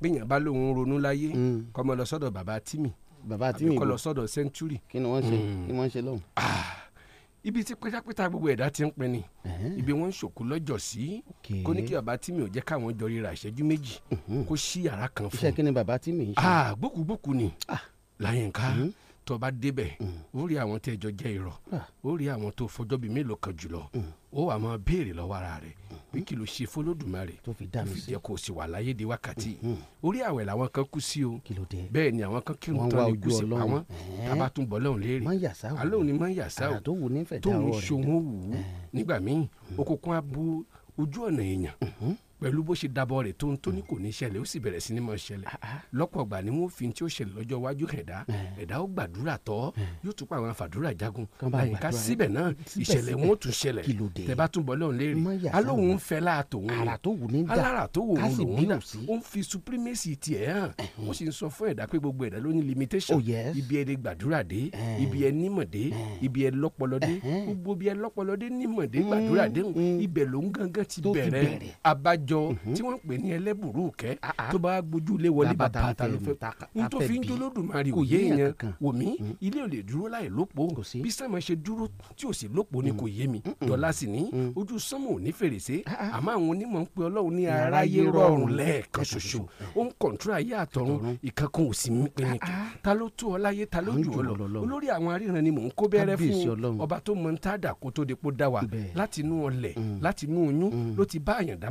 bíyàn bá lóun ronú láyé mm. kó má lọ sọ́dọ̀ bàbá tìmì bàbá tìmì àbí kó lọ sọ́dọ̀ sẹ́ńtúrì. kí ni wọ́n ṣe mm. kí wọ́n ṣe lọ́hùn. Ah, ibi tí pétápétá gbogbo ẹ̀dá ti ń pin ni ibi wọ́n ń ṣòkú lọ́jọ́ sí kó ní kí bàbá tìmì ò jẹ́ káwọn jọ ríra ìṣẹ́jú méjì mm-hmm. kó ṣí yàrá kan fún un. iṣẹ́ kí ni bàbá tìmì ń ṣe. Ah, gbókùgbókù ni ah. láyé nǹkan mm-hmm tó bá débẹ̀ mm. ó rí àwọn tẹ́ jọ jẹ́ irọ́ ah. ó rí àwọn tó fọjọ́ bíi mélòó kan jùlọ mm. ó wà máa béèrè lọ́wọ́ ara rẹ̀ bí mm. kí ló ṣe fọlọ́dùmarè tó fi jẹ́ kó o sì wà láyé di wákàtí mm-hmm. orí àwẹ̀ làwọn kan kú sí o bẹ́ẹ̀ ni àwọn kan kírun tán lè kú sí pa wọ́n tábà tún bọ́ lọ́hùn léèrè alóhùn ni máa ń yàsá o tó ń ṣohun wù nígbà míì òkùnkùn abú ojú ọ̀nà èèyàn mm-hmm pẹ̀lú bó ṣe dabọ̀ rẹ̀ tó ń tó ní mm. kò ní ṣẹlẹ̀ ó sì bẹ̀rẹ̀ sí ni mọ̀ ṣẹlẹ̀ ah, ah. lọ́pọ̀ ọgbà ni wọ́n fi tí ó ṣẹlẹ̀ lọ́jọ́ iwájú ẹ̀dá eh. ẹ̀dá ó gbàdúrà tọ́ eh. yóò tún pa àwọn afàdúrà jagun àyíká síbẹ̀ náà ìṣẹ̀lẹ̀ wọn ó tún ṣẹlẹ̀ tẹ̀bá tún bọ́ lọ́hùn léèrè alóhùn fẹ́ láàtò wọn alára tó wò wọn lòun náà ó ń fi supremacy tiẹ̀ hàn ó eh, sì ń sọ fún ẹ̀dá pé gbogbo ẹ̀dá ló limitation oh, ibi ẹ̀ gbàdúrà dé ibi ẹ̀ nímọ̀ dé ibi ẹ̀ lọ́pọlọ dé gbogbo ibi ẹ̀ lọ́pọlọ dé nímọ̀ dé gbàdúrà dé mm, mm. ibẹ̀ ló ń gángan ti bẹ̀rẹ̀ abaj àjọ uhuh. tí wọ́n ń pè ní ẹlẹ́bùrú kẹ́ ah, ah. tó bá gbójú ilé wọlé bàtà ta ló fẹ́ n tó fi ń jólódùmarè òye yẹn wò mí hmm. ilé ò lè dúró láì lópo bí sàmà ṣe dúró tí ò sì lópo ni hmm. kò yé mi dọ́là sì ní hmm. ojú sánmọ̀ ò ní fèrèsé ah, àmọ́ àwọn onímọ̀ ń pe ọlọ́run ní aráyé rọrùn lẹ́ẹ̀kan ṣoṣo ó ń kọ̀ǹtúrà ayé àtọ̀run ìkankan ò sí mi pinnu ta ló tó ọ láyé ta ló jù ọ lọ olórí àwọn aríran ni mò ń kó bẹ́rẹ́ fún ọba tó mọ ń tá dà tó de dá wa láti inú ọlẹ̀ láti inú oyún ló ti bá àyàn dá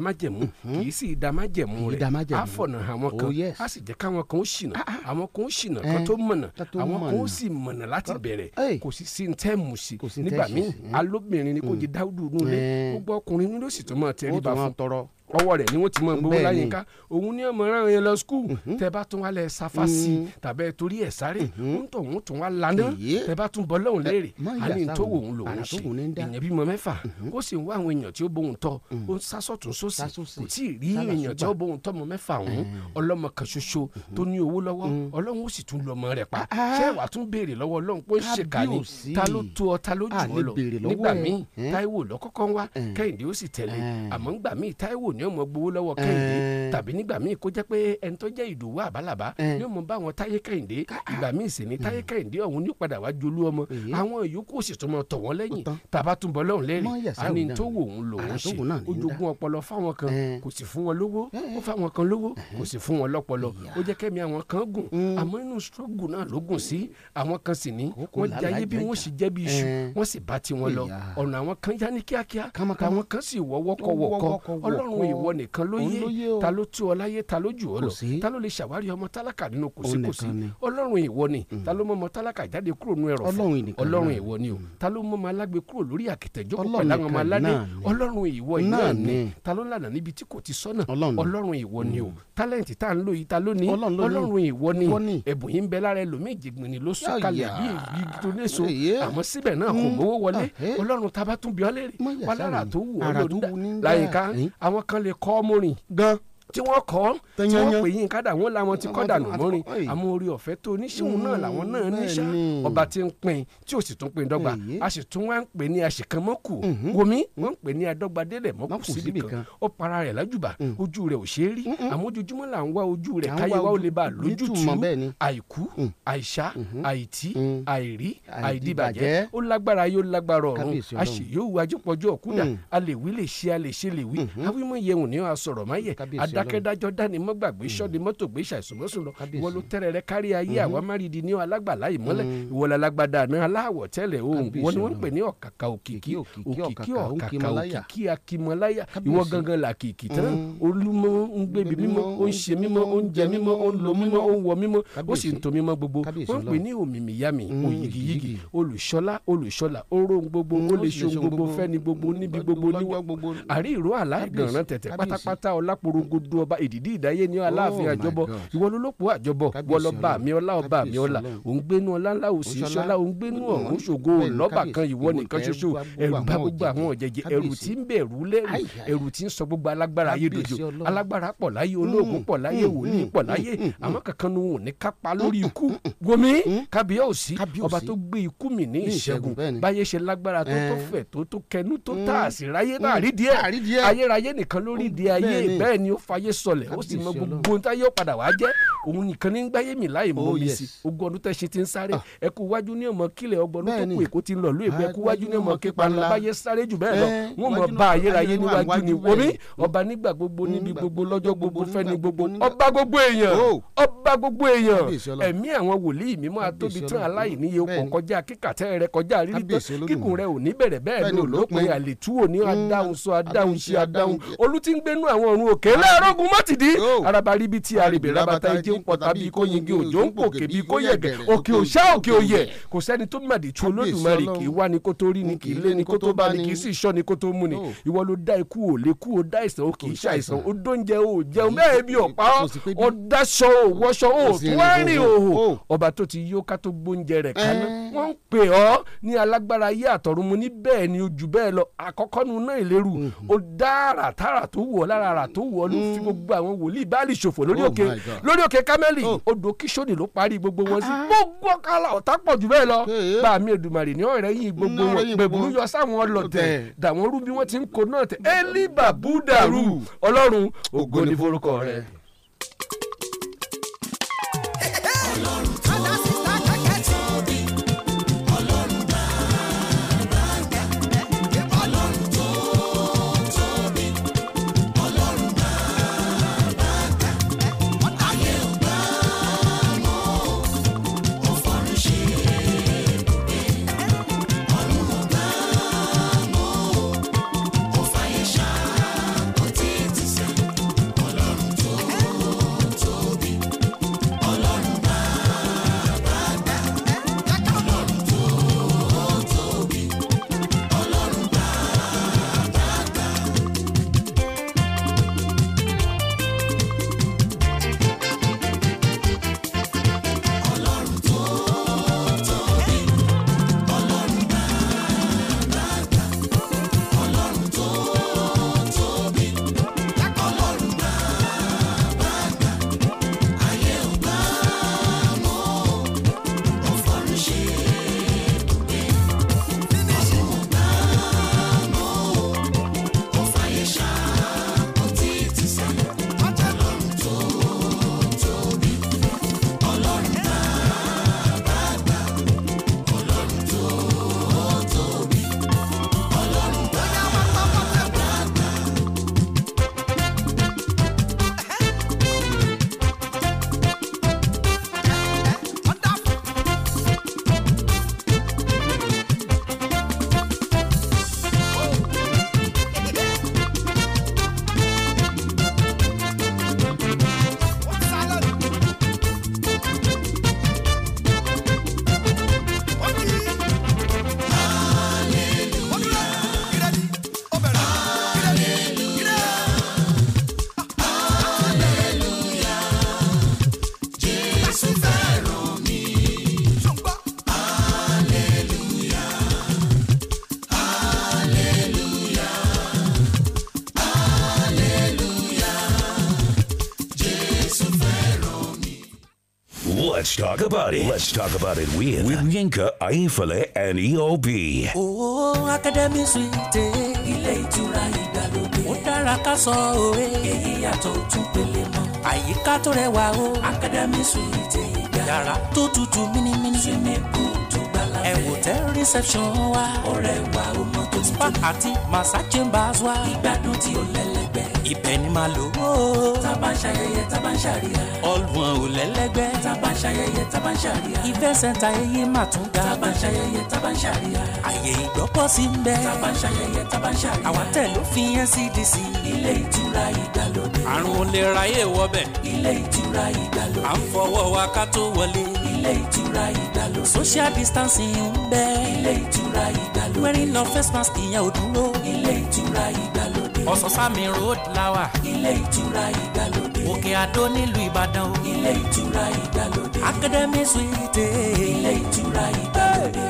kì í sì dá májẹ̀mú rẹ̀ á fọ̀nà àwọn kan á oh, sì jẹ́ káwọn kan ó ṣìnà ah, ah. àwọn kan ó ṣìnà eh, kan tó mọ̀nà àwọn kan ó sì mọ̀nà láti bẹ̀rẹ̀ kò sì sí ntẹ́ẹ̀mù sí nígbà míì alóbìnrin ni kò jẹ́ mm. dáúdù nulẹ̀ eh. gbogbo ọkùnrin ni sì tún máa tẹríba fún ọwọ́ rẹ̀ ni wọ́n ti mọ gbowó láyínká òun ní ọmọ ràn yẹn lọ skul mm-hmm. tẹ bá tún wá lẹ sáfà sí i mm-hmm. tàbí ẹ torí ẹ sáré ń mm-hmm. tọ̀ wọ́n tún wá lana tẹ bá tún bọ́ lọ́hùn léèrè àní tó wò ń lò ń ṣe ìyẹn bímọ mẹ́fà ó sì ń wá àwọn èèyàn tí ó bóun tọ́ ó ń sásọ̀tún sósì kò tí ì rí èèyàn tí ó bóun tọ́ mọ mẹ́fà òun ọlọ́mọ kan ṣoṣo tó ní owó lọ́wọ́ ọlọ́run ó sì tún lọ ọmọ rẹ̀ pa ah, ah. ṣé wàá tún ni ta ló tó ọ ta ni ó mọ gbowó lọ́wọ́ kẹ́hìndé eh. tàbí nígbà míì kó jẹ́ pé ẹni tó jẹ́ ìdòwú àbálàbá eh. ni ó mọ bá wọn táyé kẹ́hìndé ìgbà míì sì ni hmm. táyé kẹ́hìndé ọ̀hún ní padà wá jolú ọmọ eh. àwọn ìyókù sì tún mọ tọ̀ wọ́n lẹ́yìn tàbá tún bọ́ lọ́hùn lẹ́rìn àní tó wò ń lò ń ṣe ojogún ọpọlọ fáwọn kan kò sì fún wọn lówó ó fáwọn kan lówó kò sì fún wọn lọ́pọlọ ó jẹ́ kẹ́mi àwọn kan gùn hmm. àmọ́ inú sọ́gù náà ló gùn sí àwọn kan sì ní wọ́n jayé bí wọ́n sì jẹ́ bí iṣu wọ́n sì bá tiwọn lọ ọ̀nà àwọn kan yá ní kíákíá àwọn kan sì wọ́wọ́ kọ̀wọ̀kọ ọlọ́run ìwọ nìkan ló yé ta ló tú ọ láyé ta ló jù ọ lọ ta ló lè ṣàwárí ọmọ tálákà nínú kòsíkòsí ọlọ́run ìwọ ni mm. ta ló mọ ọmọ tálákà jáde kúrò nínú ẹrọ̀fọ̀ ọlọ́run ìwọ ni o mm. ta ló mọ ọmọ alágbe kúrò lórí àkìtẹ̀jọ́ pẹ̀lú àwọn ọmọ aládé ọlọ́run ìwọ náà ni ta ló lànà níbi tí kò ti sọ́nà ọlọ́run ìwọ ni o mm. tálẹ̀ǹtì tá à ń lò yìí ta ló ní ọlọ́run ìwọ ni ẹ̀bùn yìí ń bẹ lára ẹlòmíì jìgbìn ni ló sọ kalẹ̀ bí igi tó ní so àmọ́ síbẹ̀ náà kò mówó wọlé ah, ọlọ́run tá a tó wù ọ lórí láyìíká àwọn kan kan lè kọ́ mú rìn gan tí wọ́n kọ́ tí wọ́n pè yín kádà wọ́n làwọn ti kọ́ dànù mọ́rin àmọ́ orí ọ̀fẹ́ tó oníṣòwò náà hmm, làwọn náà níṣà ọba ti ń pin tí ó sì tún pin dọ́gba a sì tún wá ń pè ní àṣìkan mọ́kù omi hmm. wọ́n ń pè ní adọ́gba délẹ̀ mọ́kù síbi kan ó para rẹ̀ lájùbà hmm. ojú rẹ̀ ò ṣe é rí àmọ́ ojoojúmọ́ là ń wá ojú rẹ̀ káyé wá ó lè bá a lójútùú àìkú àìsá àìtí àìrí àìdíbàjẹ́ ó lágbára yóò lágbára ọ̀run a sì yóò wájú pọ̀jọ́ òkúta dákẹ́dájọ́ dání mọ́ gbàgbé sọ́ọ́dì hmm. mọ́tò gbé ṣàìsùnmọ́sùn lọ wọ́n ló tẹ́rẹ̀ rẹ kárí ayé hmm. àwa márìdì ní alágbàlá ìmọ́lẹ̀ hmm. ìwọ̀làlágbàdà náà aláwọ̀ tẹ́lẹ̀ ohun wọn ni wọ́n ń pè ní ọ̀kàkà òkìkí òkìkí ọ̀kàkà òkìkí akímọ́láyà ìwọ gangan là kìkì tán olúmọ ń gbébi mímọ́ ó ń ṣe mímọ́ ó ń jẹ mímọ́ ó ń lo mímọ́ ó ń wọ mímọ́ ó sì ń to mímọ́ gbogbo wọ́n pè ní òmìmìyàmì òyìgìyìgì olùṣọ́lá olùṣọ́lá oró gbogbo ó lè ṣe gbogbo fẹ́ni gbogbo níbi gbogbo níwọ̀ àrí ìró àlá ìgànràn tẹ̀tẹ̀ pátápátá ọláporongodo adó ọba ìdìdí ìdáyé ní oh aláàfin àjọbọ ìwọ ló lópò àjọbọ wọlọba àmì ọlá ọba àmì ọlá òun gbénu ọlá ńlá òsì ìṣọlá òun gbénu ọ̀hún ṣògo lọ́ba kan ìwọ nìkan ṣoṣo ẹ̀rù bá gbogbo àwọn ọ̀jẹ̀jẹ̀ ẹ̀rù tí ń bẹ̀rù lẹ́rù ẹ̀rù tí ń sọ gbogbo alágbára ayé dojo alágbára pọ̀ láyé mm, olóògùn pọ̀ láyé mm, wòlíì mm, pọ̀ láyé àmọ́ kankan nu òní kápá lórí ikú gomi kábíyèsí ọba tó gbé ikú mi ní ìṣẹ́gun báyé ṣe lágbára tó tó eh. fẹ̀ tó tó kẹnu tó tà fayé sọlẹ̀ ó sì mọ gbogbo ohun táyé ó padà wá jẹ́ òun nìkan ní gbáyé mi láì mọ oh, mi sí ogun ọdún tẹ̀sí ti ń sáré ah. ẹkú wájú ní ọmọ kílẹ̀ ọgbọ̀n ọdún tó kù èkó ti ń lọ lóògbé ẹkú wájú ní ọmọ képa ńlá báyé sáré jù bẹ́ẹ̀ lọ wọn mọ bá ayérayé níwájú ni wọmi ọba nígbà gbogbo níbi gbogbo lọ́jọ́ gbogbo fẹ́ni gbogbo ọba gbogbo èèyàn oh. ọba gbogbo èèyàn ẹ̀mí àwọn wòlíì mímọ́ atóbi tán aláìníye ọkọ̀ kọjá kíkàtẹ́ rẹ kọjá rírí tán kíkùn rẹ ò ní bẹ̀rẹ̀ bẹ́ẹ̀ ni òlópin àlètú òní hmm. adáhùn sọ adáhùn ṣe adáhùn olú ti ń gbénú àwọn ọ̀run òkè lẹ́rọ ológun mọ́tìdí arabali bíi ti àrèbè rabata ijé ń pọ̀ta bíi kó yingi òjò ń pòkè bíi kó yẹ̀gẹ̀ òkè òṣà òkè òyẹ̀ kò sẹ́ni tó mọ̀dí tu olódùmarè kì í wá ni kó tó rí ni kì í lé ni kó tó bá ni kì í sì ṣọ́ ni kó tó mú ni ìwọ ló dá ikú ò lé kú ò dá ìsàn ò kì í ṣàìsàn ó dóúnjẹ ò jẹun bẹ́ẹ̀ bí ọ̀pá ó dáṣọ ò wọṣọ ò tún wá rìn òhò ọba tó ti yó ká tó gbóúnjẹ rẹ̀ kaná wọ́n ń pè ọ́ ní alágbára ayé àtọ̀run mu ní bẹ́ẹ̀ ni ojú bẹ́ẹ̀ lọ àkọ́kọ́ nu náà ìlérú ó dá àràtàrà tó wọ̀ lára àrà tó wọ̀ ló fi gbogbo àwọn wòlíì báàlì ṣòfò lórí oh òkè lórí òkè kámẹ́lì oh. odò kíṣóni ló parí gbogbo wọn sí ah. gbogbo kálá ọ̀tá pọ̀ jù bẹ́ẹ̀ lọ bá mi Èdùmàrè ní ọ̀rẹ́ yìí gbogbo wọn gbẹ̀bùrú yọ sáwọn ọlọ̀tẹ̀ dàwọn rú bí wọ́n ti ń kó náà tẹ̀ ẹ́lí bàbú dàrú ọlọ́run ògo forúkọ rẹ̀. talk about it. Let's talk about it with, with Yinka, Ayefele, and EOB. Oh, Academy Suite. Ilé ìtura ìgbàlódé. Ó dára ká sọ òwe. Èyí yàtọ̀ ojú pele mọ́. Àyíká tó rẹwà o. Academy Suite ìgbà. Yàrá tó tutù mímímí. Swimming pool tó gbàlá E Ẹ̀wò tẹ reception wa. Ọ̀rẹ́ wa o mọ tó. Spa àti massage chambers wa. Ìgbádùn tí ó lẹ́lẹ́. ibẹ̀ ni màá lò ó. tábà ń ṣayẹyẹ tábà ń ṣàríyá. ọlùwọ̀n ò lẹ́lẹ́gbẹ́. tábà ń ṣayẹyẹ tábà ń ṣàríyá. ìfẹ́ sẹ́ńtà ẹyẹ mà tún ga. tábà ń ṣayẹyẹ tábà ń ṣàríyá. àyè ìgbọ́pọ̀ sí ń bẹ. tábà ń ṣayẹyẹ tábà ń ṣàríyá. àwa tẹ̀ ló fi NCDC. ilé ìtura ìgbàlódé. àrùn olè ra yé wọbẹ̀. ilé ìtura ìgbàlódé. à ń fọwọ́ wa ká tó wọlé. ilé ìtura ìgbàlódé. social distancing ń bẹ. ilé ìtura ìgbàlódé. wearing no face mask ìyẹn ò dúró. ilé ìtura ìgbàlódé. ọ̀sán sámi road la wà. ilé ìtura ìgbàlódé. òkè àdó nílùú ìbàdàn o. ilé ìtura ìgbàlódé. academy suite. ilé ìtura ìgbàlódé.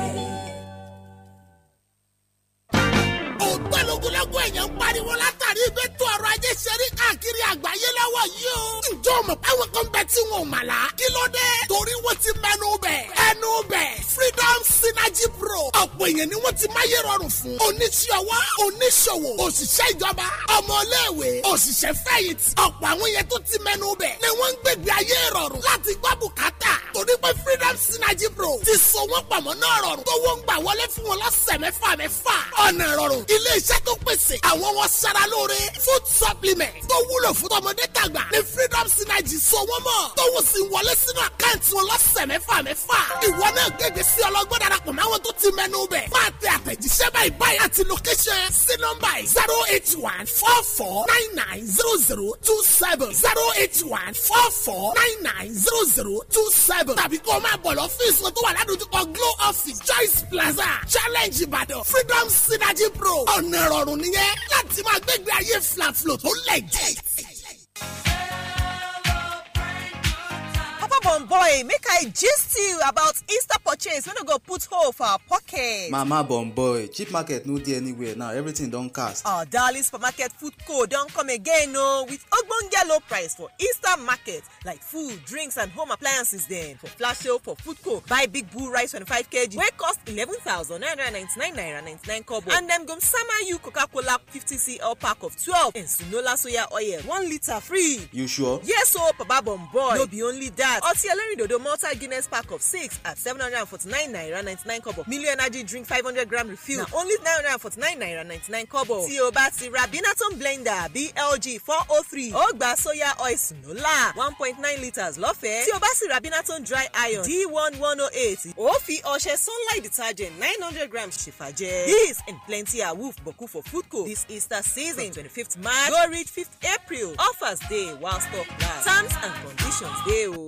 ògbólógólógó èèyàn ń pariwo látàrí ibi tó ọrọ̀ ajé ṣe rí káàkiri àgbáyé lọ́wọ́ yìí o. ǹjọ́ mọ̀ báwọn kan bẹ tí wọn ò mà lá. kí ló dé? torí wọ́n ti mẹ́nu bẹ̀. ẹnu bẹ̀ freedom synergy pro ọ̀pọ̀ èèyàn ni wọ́n ti máyé rọrùn fún oníṣòwò oníṣòwò òṣìṣẹ́ ìjọba ọmọléèwé òṣìṣẹ́ fẹ̀yìntì ọ̀pọ̀ àwọn yẹn tó ti mẹ́nu bẹ̀ ni wọ́n ń gbègbè ayé rọrùn láti gbọ́ bùkátà torí pé freedom synergy pro ti so wọ́n pamọ́ náà rọrùn tó wọ́n ń gbà wọlé fún wọn lọ́sẹ̀ mẹ́fà mẹ́fà ọ̀nà rọrùn ilé iṣẹ́ tó pèsè àwọn wọn sara lóore food supplement tó wúlò fún tọmọdé tàgbà ni freedom synergy so wọ́n mọ̀ tó wọ́n sì wọlé sínú àkáǹtì wọn lọ́sẹ̀ mẹ́fà mẹ́fà ìwọ náà gbègbè sí ọlọ́gbọ́n darapọ̀ mọ́ àwọn tó ti mẹ́nu bẹ̀. máa tẹ àtẹ̀jíṣẹ́ báyìí báyìí àti location sí nọ́mbà yìí zero eight one four four nine nine zero zero two seven zero eight one four four nine nine zero zero two seven tàbí kó o máa bọ̀ lọ́fíìsì tó wà ládojúkọ Glo office Joyce Plaza Challenge Ìbàdàn Freedom Synergy Pro ọ̀nà ìrọ̀rùn nìyẹn láti máa gbégbé ayé flaflo tó lẹ̀ jẹ́ on boy make i gist you about easter purchase wey no go put hole for our pocket. mama bon boy cheap market no dey anywhere now everything don cast. our ah, darling supermarket food co don come again o with ogbonge low price for easter market like food drinks and home appliances dem for flash sale for food co buy big bull rice twenty-five kg wey cost eleven thousand nine hundred ninety-nine naira ninety-nine kobo and dem go sama you coca-cola fifty cl pack of twelve and sunola soya oil one litre free. you sure. yes o oh, papa bon boy no be only that ọtí ẹlẹ́rìndòdò Malta Guinness pack of six at seven hundred and forty-nine naira ninety-nine kobo Million energy drink five hundred gram refill na only nine hundred and forty-nine naira ninety-nine kobo tí o bá ti ra Binaton blender BLG four oh three ó gba soya oil sinola one point nine litres lọ́fẹ̀ẹ́ tí o bá sì ra Binaton dry iron D one one oh eight ó fi ọṣẹ sunlight detergent nine hundred grams ṣèfàjẹ́ this and plenty are woof boku for foodco this Easter season twenty-fifth March go reach fifth April offers dey while stock lasts terms and conditions dey o.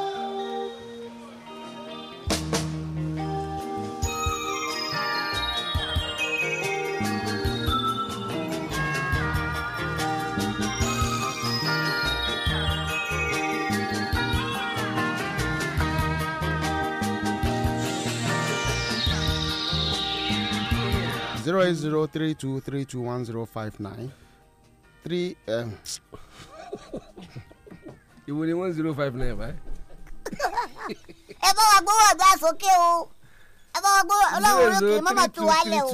zero eight zero three two three two one zero five nine three. Um, (laughs) ìwọ ni one zero five nine báyìí. ẹ bá wa gbówó ọ̀gá sókè o ẹ bá wa gbówó ọlọ́run orí òkè má má tu wálẹ̀ o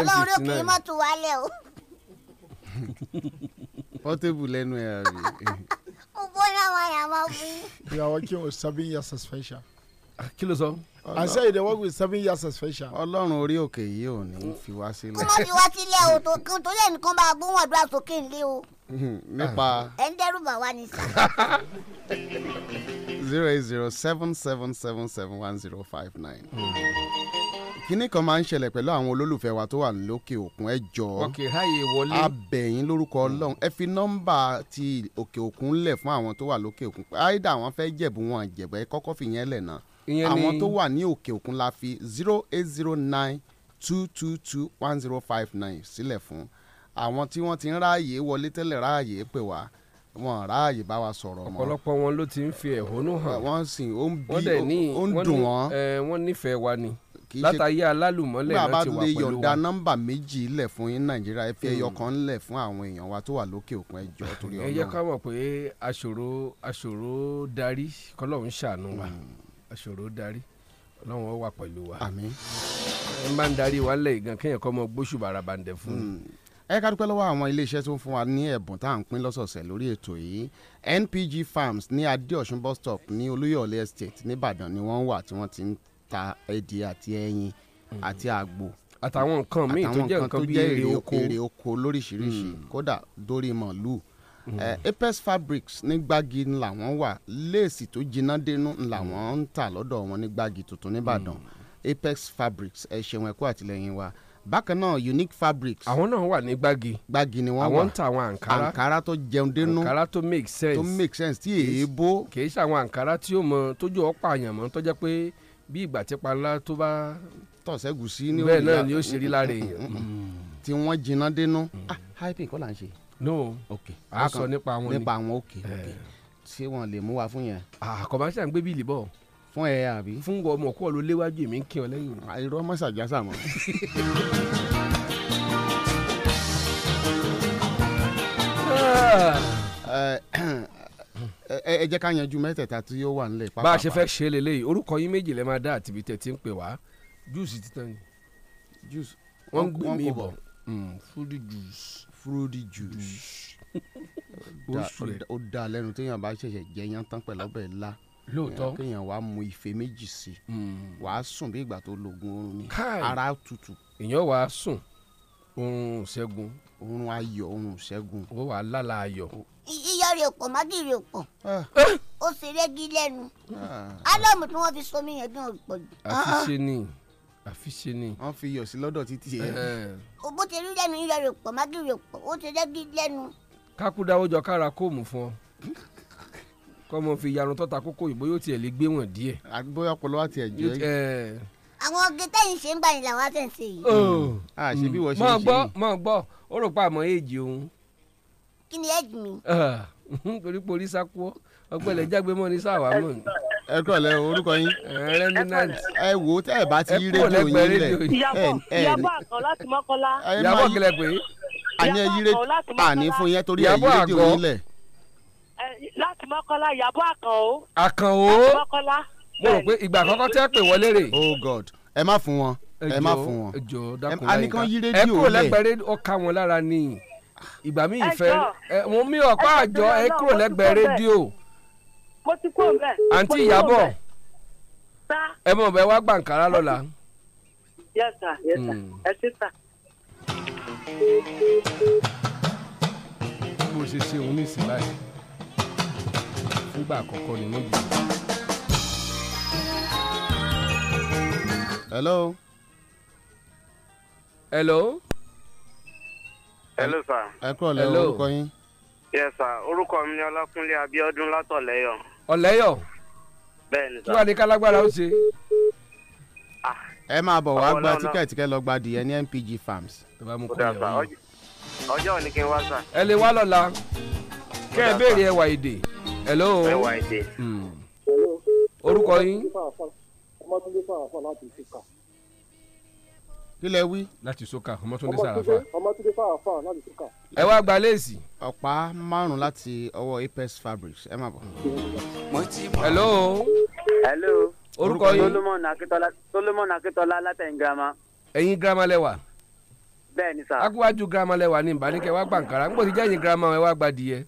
ọlọ́run orí òkè má tu wálẹ̀ o. (laughs) portable lẹ́nu ẹ̀ àbí. mo bọ́ náà wáyà máa fún yín. ìyàwó kí o sábẹ́ yà sàṣẹ́ṣà. kí ló sọ. I say they work with seven years suspension. ọlọ́run orí òkè yìí ò ní fi wá sílẹ̀. ọmọ fi wá sílẹ̀ o tó kí n tó lè nìkan bá gbóhùn àdúrà sókè ńlẹ̀ o. (laughs) nípa. ẹ ń dẹ́rù bà wá ní sá. (laughs) zero eight zero seven seven seven seven one zero five nine kínní kan máa ń ṣẹlẹ̀ pẹ̀lú àwọn olólùfẹ́ wa tó wà lókè òkun ẹ jọ̀ọ́ e abẹ̀yìn lórúkọ ọlọ́run ẹ fi nọ́mbà ti òkè òkun lẹ̀ fún àwọn tó wà lókè òkun áìdá àwọn fẹ́ jẹ̀bù wọn jẹ̀bù ẹ kọ́kọ́ fi yẹn lẹ̀ náà àwọn tó wà ní òkè òkun la fi zero eight zero nine two two two one zero five nine sílẹ̀ fún àwọn tí wọ́n ti ń ráàyè wọlé tẹ́lẹ̀ ráàyè pè wá wọn ráàyè bá wa sọ̀rọ̀ mọ́. ọ̀pọ̀lọpọ̀ wọn ló ti ń fi ẹ̀hónú hàn. wọ́n sì ó ń bí ó ń dùn wọ́n. wọ́n nífẹ̀ẹ́ wa ni látàyé alálùmọ́lẹ̀ náà ti wà pẹ̀lú wa. bàbá lè yọ̀ǹda nọ́mbà méjì lẹ̀ fún yín nàìjíríà ẹ fi ẹyọ hmm. kan lẹ̀ fún àwọn èèyàn wa tó wà lókè òkun ẹjọ́ torí ọ̀nà. ẹ jẹ́ ká mọ̀ pé aṣòro aṣòro darí kọ́lọ́run ṣàánú wa. Hmm aṣòro darí ọlọ́run ó wà pẹ̀lú wa. àmín. ẹ máa ń darí wa lẹ́yìn gan kéèyàn kọ́ ọmọ gbóṣù barabandẹ̀ fún un. Hmm. ẹ ká dúpẹ́ lọ́wọ́ àwọn iléeṣẹ́ tó ń fún wa ní ẹ̀bùn tá à ń pín lọ́sọ̀ọ̀sẹ̀ lórí ètò yìí NPG Farms ní Adéọ̀sùn bus stop ní Olúyọ̀lé estate nìbàdàn ni wọ́n wà tí wọ́n ti ń ta ẹdì àti ẹyin hmm. àti àgbò àtàwọn nǹkan míì tó jẹ́ nǹkan bíi èrè oko lóríṣiríṣi hmm. kódà dórí màálù Apex Fabrics ní gbági ńlá wọn wà léèsì tó jiná dénú ńlá mm. wọn ń tà lọ́dọ̀ wọn ní gbági tuntun nìbàdàn mm. Apex Fabrics ẹ ṣeun ẹ kú àtìlẹ́yìn wa bákan náà Unique Fabrics. àwọn náà wà ní gbági gbági ni wọ́n wà àwọn ń ta àwọn àǹkárá àǹkárá tó jẹun dénú àǹkárá tó make sense tó make sense tí èèbó. kì í ṣe àwọn àǹkárá tí ó mọ tójú ọ̀pá àyànmọ́ tó jẹ́ pé bí ìgbà tí panlá tó bá. tọ̀sẹ̀gùsí ni ó rí la bẹ́ẹ̀ náà ni ó ṣe rí lára èèyàn. (laughs) tí wọ́n jiná dénú. Mm. ah hyping kọ́ là ń ṣe no ok a sọ nípa wọn ni nípa wọn ok ok eh. ṣé wọn lè mú wa fún yẹn. àkọ́báṣà ń gbé bíìlì bọ̀. fún ẹ àbí. fún ọmọ kú ọ ló léwájú èmi ń kí ọ lẹ́yìn. irọ́ mọ́sàjà sàmọ́. Ah. Eh, ẹ jẹ́ ká yanjú mẹ́tẹ̀ẹ̀ta tí yóò wà nílẹ̀ pápá. bá a ṣe fẹ́ ṣe lélẹ́yìí orúkọ yín méjì lẹ́ẹ̀ máa dá àtibí tẹ̀ tí ń pè wá júùsì títàn ni. júùsì wọ́n gbé mi bọ̀ hmm, fúdù júùsì fruity juice mm. ó da lẹ́nu téèyàn bá ṣẹ̀ṣẹ̀ jẹ yán tán pẹ̀lú ọbẹ̀ ńlá lóòótọ́ kéèyàn wàá mu ife méjì sí mm. wàá sùn bí ìgbà tó lògùn oorun ni ara tutù. èèyàn wàá sùn oorun ṣẹ́gun. oorun ayọ̀ oorun ṣẹ́gun. ó wàá lálà ayọ̀. iyọ̀ rẹ̀ pọ̀ mádì rẹ̀ pọ̀ ah. ó ṣe rẹ́gí lẹ́nu ah. álọ́mù tí wọ́n fi somi yẹn dùn pọ̀ jù. àti ah, ṣe ni àfiṣe ni. wọ́n fi iyọ̀ sí lọ́dọ̀ títí ẹ. bó ti rí lẹ́nu yíyọ rẹ̀ pọ̀ mágí rẹ̀ pọ̀ ó ti rẹ́gí lẹ́nu. kákú dáwọ́ jọ kára kóòmù fún ọ kọ́ mọ fi yarun tọ́ta kókó yìí bóyá tiẹ̀ lè gbé díẹ̀. bóyá ọpọlọ wa tiẹ̀ jẹ́. àwọn ọgẹ tẹ́yìn ṣe ń gbà ní làwọn àtẹ̀ ń ṣe yìí. Oh. a ṣe bí wọ́n ṣe ń ṣe yìí. mọ̀ gbọ́ mọ̀ gbọ́ ó rò pa àmọ́ èjì òun. kí ni èjì mi. Ah, (laughs) torí pé kú ọ ọgbẹ́lẹ̀ jágbe mọ́ ni sáà wà mọ́ ni ẹ kúrọ̀lẹ́ orúkọ yín ẹ wò ó tẹ́ ẹ bá ti rí rédíò yín lẹ̀ Ìyábọ̀ Àkàn láti Mọ́kọ́lá Ìyábọ̀ kílẹ̀ pé àní ẹ yí rédíò àní fún yẹn torí ẹ yí rédíò yín lẹ̀. láti Mọ́kọ́lá Ìyábọ̀ Àkàn o. Àkàn o mo rò pé ìgbà àkọ́kọ́ tẹ́ pè wọlé rè. Oh God ẹ má fún wọn ẹ má fún wọn a ní kàn yí rédíò lẹ̀ ẹ kúrò lẹ́gbẹ̀ẹ́ ọkà wọn lára ni ìgbà míì fẹ́ mo mí ọ̀pá àjọ ẹ kúrò lẹ́gbẹ̀ẹ́ rédíò mo ti kó bẹ́ẹ̀. àǹtí ìyábọ̀ ẹ mọ̀ bẹ́ẹ̀ wá gbàǹkárá lọ́la. yes sir yes sir hmm. ẹ ti sà. bí mo ṣe ṣe òun ní ìsìn báyìí fúgbà àkọ́kọ́ ni mo bì hello. hello. hello sir. ẹ kúrò lẹ́wọ̀ orúkọ yín. yes sir orúkọ mi ni ọlákúnlé abíọ́dún látọ̀lẹ́yọ̀ ọ̀lẹ́yọ̀ kí wàá ní kálágbára ó ṣe. Ah. ẹ máa bọ̀ wá gba tíkẹ́ẹ̀tì kẹ́ lọ gba adìyẹ ní MPG Farms. tó bá mú kó yẹ wọ́n. ọjọ́ òní kí n wá sà. ẹ lè wá lọ́la kẹ́ ẹ béèrè ẹwà èdè. hello. ẹwà èdè. Hmm. orúkọ yín. ọmọdúnlé fàáfà láti ṣe kà kí lẹ wí. láti sọ́ka ọmọtúndé sàràfà. ẹ wá gba léèsì. ọ̀pá márùn láti ọwọ́ Apes fabric. ẹ má bọ̀. hello. hello. orúkọ yín. Solomon Akíntọ́lá Solomon Akíntọ́lá látẹ̀yìn girama. ẹ̀yin girama lẹ́wà. bẹ́ẹ̀ ni sà. akúwájú girama lẹ́wà ni ìbánikẹ́ wá gbàǹkàrà ń gbòdì jẹ́yìn girama ẹ wá gba díẹ̀.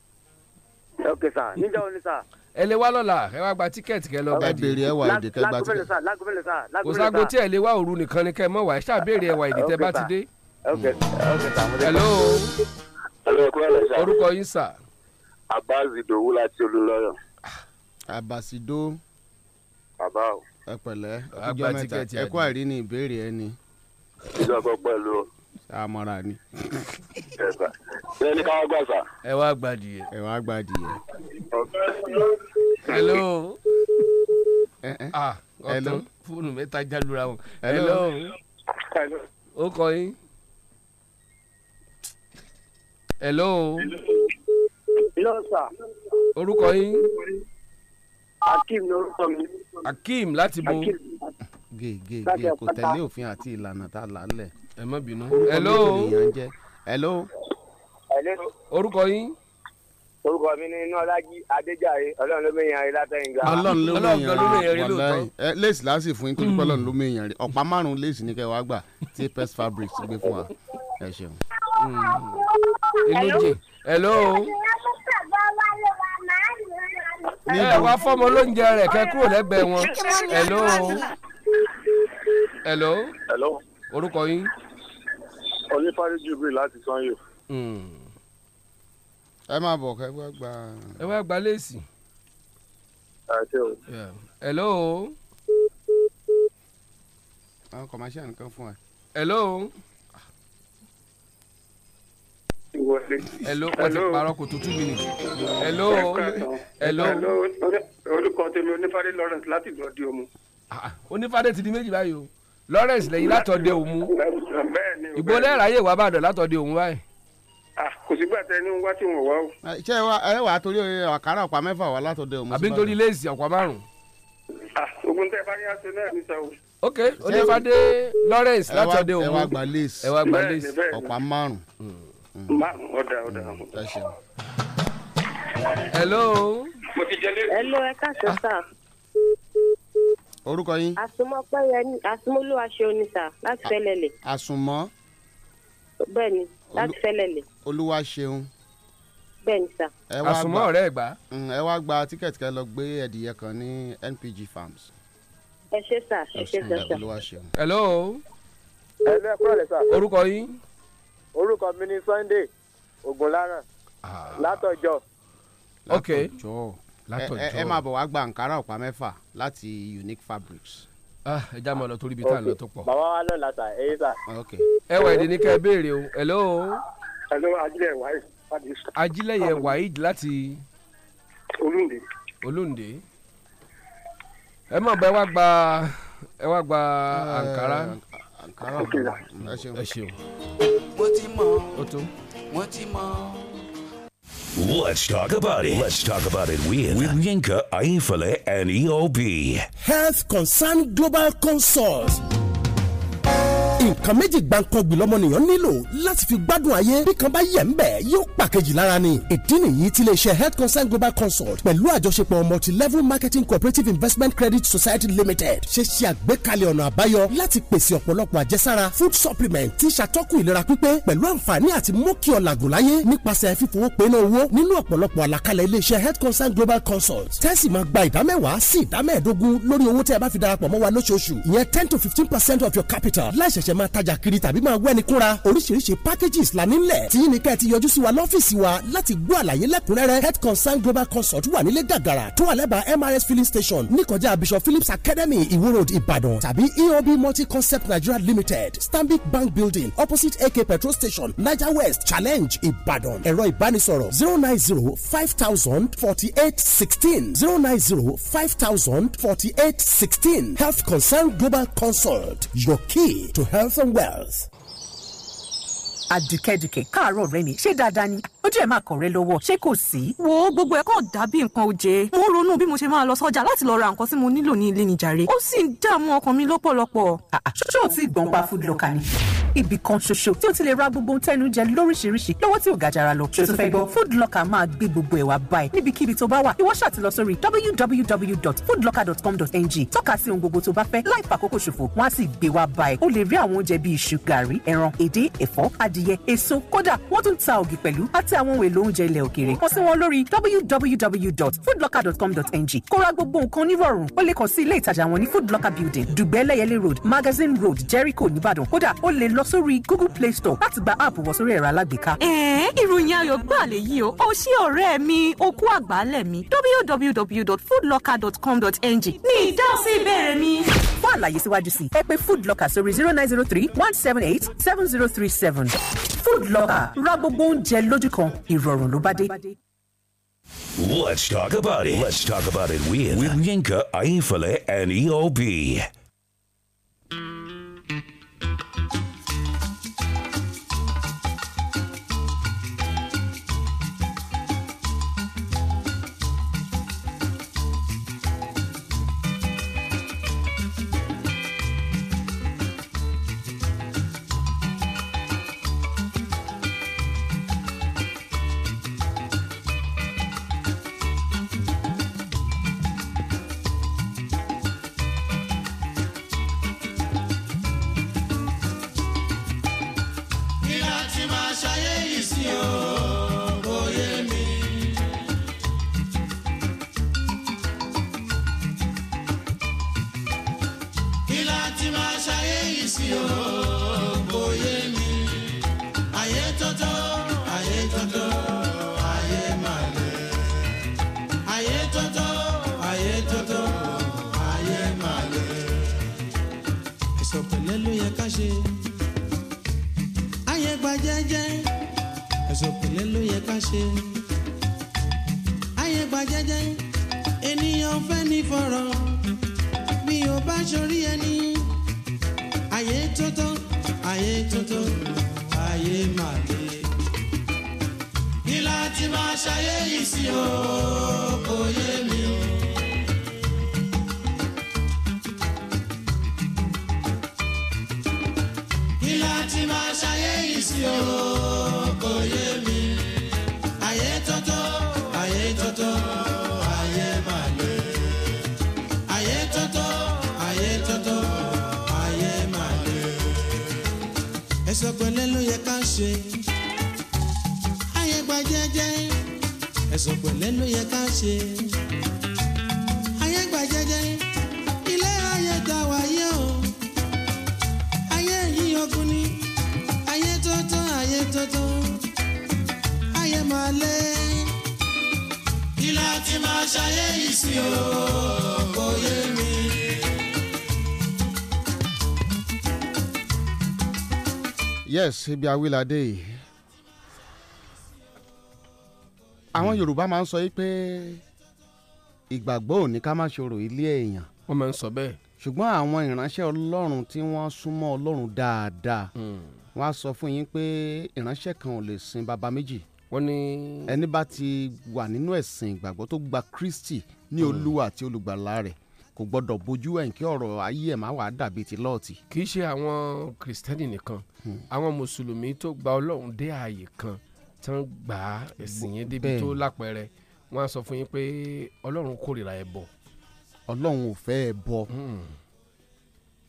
ok sà níjọ́ òní sà ẹ lè wá lọ́la ẹ wá gba tíkẹ́ẹ̀tì kẹ lọ́ọ́ ẹ béèrè ẹwà gba tíkẹ́ẹ̀tì. kò tí ẹ lè wá òru nìkan ni kẹ mọ̀ wá ẹ ẹwà tẹ bá ti dé. hello. hello kúrò lẹ sá. orúkọ yín sà. Abbas Idowu láti Olúlọ́yọ̀. Abbas ah, Idowu. bàbá o. ẹ pẹ̀lẹ́ ọjọ́ mẹ́ta ẹ kú àìrí ni ìbéèrè ẹ ni. ìjọba pẹ̀lú o amọ̀ra ni. ṣé ní ká wá gbà sá. ẹ wá gba adìyẹ. ẹ wá gba adìyẹ. hello. ah ọ̀tọ̀ fóònù mẹ́ta já lura wọn. hello. O kọ yín hello. hello sir. orúkọ yín. akeem ni orúkọ mi. akeem láti bo. gègé gègé kò tẹ̀lé òfin àti ìlànà tá a là lẹ̀. ẹ má bínú. hello. hello. hello. orúkọ yín. orúkọ mi ni nọlájí adéjàre ọlọ́run ló mẹyàn rẹ látẹyìnga. ọlọ́run ló mẹyàn rẹ lóòótọ́. léèsì láti fún yín tó dúpẹ́ hmm. ọlọ́run ló mẹyàn rẹ ọ̀pá márùn-ún léèsì ní kẹwàá gbà tí pest fabrics gbé fún wa. ẹ ṣeun inú mm-hmm. jì hello. ẹ wá fọmọ lóúnjẹ rẹ kẹ kúrò lẹ́gbẹ̀ẹ́ wọn hello. hello. hello. orúkọ yín. onífàdé jubilee láti sanyo. Mm. ẹ máa bọ̀ kẹ́ wá gba. ẹ wá gba léèsì. hello. àwọn kọ̀máṣíà nìkan fún ẹ. hello. hello? ti wọlé. hello wọ́n ti parọ́ kò tó two minutes. hello hello. orúkọ tèmi onífàdé Lawrence láti lọ́ọ́dẹ òmu. Ah, ah, onífàdé ti di méjì báyìí o Lawrence lẹ́yìn látọ̀dẹ òmu ìbò lẹ́ẹ̀ráyè wà bàdàn látọ̀dẹ òmu báyìí. Ah, kò sígbà tẹ ní wá tí wọn wá o. ṣé ẹ wàá torí eh, àkàrà ọ̀pá mẹ́fà wà látọ̀dẹ òmu. àbí nítorí léèsì ọ̀pá márùn-ún. ogun tẹ bá yá sí náà ní sáwọ ok onífàdé Lawrence látọ̀dẹ òun ẹ wá gba lace ọ̀pá márùn. Hmm márùn ọ̀dà ọ̀dà. hello. mo ti jẹlé. hello ẹ káàsán ah. sá. orúkọ yín. àsùnmọ́pẹ́ yẹn àsùnmọ́lú aṣọ oníta láti fẹ́lẹ̀lẹ̀. àsùnmọ́. bẹ́ẹ̀ni láti fẹ́lẹ̀lẹ̀. olúwa ṣeun bẹ́ẹ̀ni sá. àsùnmọ́ ọ̀rẹ́ ẹ̀ gbà. Mm, ẹ wá gba tíkẹ́ẹ̀tì kẹ́ lọ gbé ẹ̀dìyẹ kan ní NPG Farms. ẹ ṣe sá ẹ ṣe sá sá. hello. hello ẹ kúrò lẹ sá. orúkọ yín orúkọ mi ni Sunday Ogunlaran ah. látọjọ. ok látọjọ ẹ máa bọ̀ wá gba Ankara ọ̀pá mẹ́fà láti Unique Fabrics. ah ẹ já mọ lọ torí ibi tá à lọ tó pọ̀. bàbá wa lọ làtà ẹyẹ sà. ok ẹ wà èdè ní béèrè o hello. hello ajílẹ̀ wáyé. ajílẹ̀ yẹ wáyé láti. olóńdè. olóńdè ẹ mọ̀ bẹ́ẹ̀ wá gba ẹ wá gba Ankara. Ah, Ankara ẹ ṣeun ti mọ̀ wọ́n ti mọ̀. Let's talk about it. Let's talk about it with, with Yinka Aifale and EOB. Health Concern Global Consult nǹkan méjì gbàǹkangbì lọ́mọnìyàn nílò láti fi gbádùn ayé bí kan bá yẹ̀ ń bẹ̀ yóò pàkejì lára ni ìdí nìyí tí lè ṣe health concern global consult pẹ̀lú àjọṣepọ̀ multilevel marketing cooperative investment credit society limited ṣe ṣe àgbékalẹ̀ ọ̀nà àbáyọ láti pèsè ọ̀pọ̀lọpọ̀ àjẹsára food supplement tí ṣàtọ́kù ìlera pípé pẹ̀lú àǹfààní àti mú kí ọ làgùn láyé nípasẹ̀ fífowó pinnu owó nínú ọ̀pọ̀lọpọ̀ àlàkalẹ̀ iléeṣẹ́ health concern global consult tẹ́sí máa gba ìdámẹ́wàá sí ìdámẹ́ẹ̀dógún lórí owó tẹ́ ẹ bá fi darapọ̀ mọ́ wa lóṣooṣù ìyẹn ten to fifteen percent of your capital láìṣẹ̀ṣẹ̀ ṣẹ̀ṣẹ̀ máa tajà kiri tàbí máa wẹ́ni kúnra oríṣiríṣi packages la nílẹ̀ tí ní kẹ́ ẹ ti yọjú sí wa lọ́fíìsì wa láti gbọ́ àlàyé lẹ́kùnrẹ́rẹ́ health concern global consult wà nílé gàgàrà tó wà lẹ́bàá mrs filling station níkọjá bishop phillips academy iwo road Ibadan. tàbí eob multi concept nigeria limited stanbic bank building opposite ak petrol station niger west challenge Ibadan. ẹ̀rọ ìbánisọ̀rọ̀ zero nine zero five thousand forty eight sixteen zero nine zero five thousand forty eight sixteen health concern global consult your key to health. Orson Welles. àdùkẹ́dùkẹ́ káàárọ̀ ọ̀rẹ́ mi ṣé dáadáa ni ojú ẹ̀ máa kọ̀ rẹ lọ́wọ́ ṣé kò sí. wo gbogbo ẹ kàn dàbí nǹkan oje mo ń ronú bí mo ṣe máa lọ sọ́jà láti lọ ra nǹkan tí mo nílò ní ilé nìjàre ó sì ń dààmú ọkàn mi lọ́pọ̀lọpọ̀. Ah, ah, ṣoṣo ò tí ì gbọ̀n food locker ni ibì kan ṣoṣo tí o ti lè ra gbogbo tẹnu jẹ lóríṣiríṣi lọ́wọ́ tí ò ga jara lọ. ṣé o ti fẹ́ gbọ́ food locker máa gbé gbogbo ẹ̀ wá báyìí níbikíbi tó bá wà ìwọ ṣáà ti lọ sórí www.foodlocker.com.ng tọ́ka sí ohun gbogbo tó bá fẹ́ láì fàkókò ṣòfò wọ́n á sì gbé wá báyìí o lè rí àwọn oúnjẹ bíi iṣu gàrí ẹran èdè ẹ̀fọ́ adìyẹ adìyẹ èso kódà wọ́n tún ta ògì pẹ̀lú àti àwọn ohun èlò oúnjẹ ilẹ̀ òkèèrè kàn sí wọn lórí www.foodlocker.com.ng kó ra gbogbo nǹkan onírọ̀rùn ó lè kàn sí ilé ìtajà wọn ní foodlocker building dùgbẹ́ lẹ́yẹlé road magazine road jericho nìbàdàn kódà o lè lọ sórí google play store láti gba app wọ sórí ẹ̀rọ alágbèéká. ẹ ìròyìn ayọ̀ gbà lè yí o ó ọ̀rẹ́ mi okú àgbálẹ̀ mi www.foodlocker.com.ng ní ìdásí ìbéèrè mi. fún àlàyé síwájú sí ẹ pé foodlocker sórí zero nine zero three one seven eight seven zero three seven. food locker ìrọ̀rùn dé. Let's talk about it. Let's talk about it with, with Yinka Aifale and EOB. ìsòkèlè ló yẹ ká ṣe. ayé gba jẹ́jẹ́ ènìyàn fẹ́ ní fọ̀rọ̀ bí o bá ṣorí ẹni. ayé tótó ayé tótó ayé máa le. kí láti máa ṣayé yìí sí o kò yé mi o. ṣe ayé gba jẹ́jẹ́ ẹ̀sùn pẹ̀lẹ́ ló yẹ ká ṣe ayé gba jẹ́jẹ́ ilé ayé ta wáyé o ayé yìí ogun ni ayé tó ayé tó ayé máa lé kí láti máa ṣayé yìí sí o kò yé mi. yes ibi awilade yìí àwọn hmm. Yorùbá máa ń sọ yìí pé ìgbàgbọ́ ò ní ká má ṣòro ilé èèyàn. wọ́n máa ń sọ bẹ́ẹ̀. ṣùgbọ́n àwọn ìránṣẹ́ Ọlọ́run tí wọ́n súnmọ́ Ọlọ́run dáadáa hmm. wọ́n á sọ fún yín pé ìránṣẹ́ kan ò lè sin baba méjì. wọ́n ní. ẹni bá ti wà nínú ẹ̀sìn ìgbàgbọ́ tó gba Kristi ní hmm. Olúwa àti olùgbàlà rẹ̀ kò gbọ́dọ̀ bójú ẹ̀ kí ọ̀rọ̀ ayé ẹ̀ má wàá dàbí ti lọ́ọ̀tì. kì í ṣe àwọn kìrìsìtẹ́nì nìkan àwọn mùsùlùmí tó gba ọlọ́run dé ààyè kan tán gbà á ẹ̀sìn yẹn débi tó lápẹẹrẹ wọ́n á sọ fún yín pé ọlọ́run kórìíra ẹbọ. ọlọ́run ò fẹ́ ẹbọ hmm.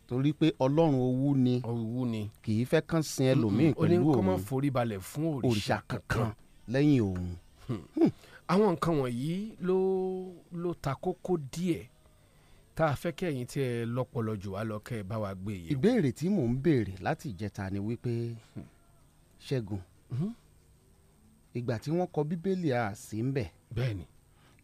torí pé ọlọ́run owú ni owú ni kì í fẹ́ kán sin hmm, ẹlòmíín pẹ̀lú hmm. òun ó ní kó má forí balẹ̀ fún òrìṣà kankan lẹ́yìn òun. àwọn nǹkan wọ̀nyí ló ló ta kókó díẹ̀ tá a fẹ́ kẹ́yìn tí ẹ lọ́pọlọ jù wá lọ kẹ́ ẹ bá wa gbé yẹ̀wò. ìbéèrè tí mò ń béèrè láti ìjẹta ni wípé hmm, ṣẹ́gun mhm. ìgbà tí wọ́n kọ bíbélì a sí ń bẹ̀. bẹ́ẹ̀ni.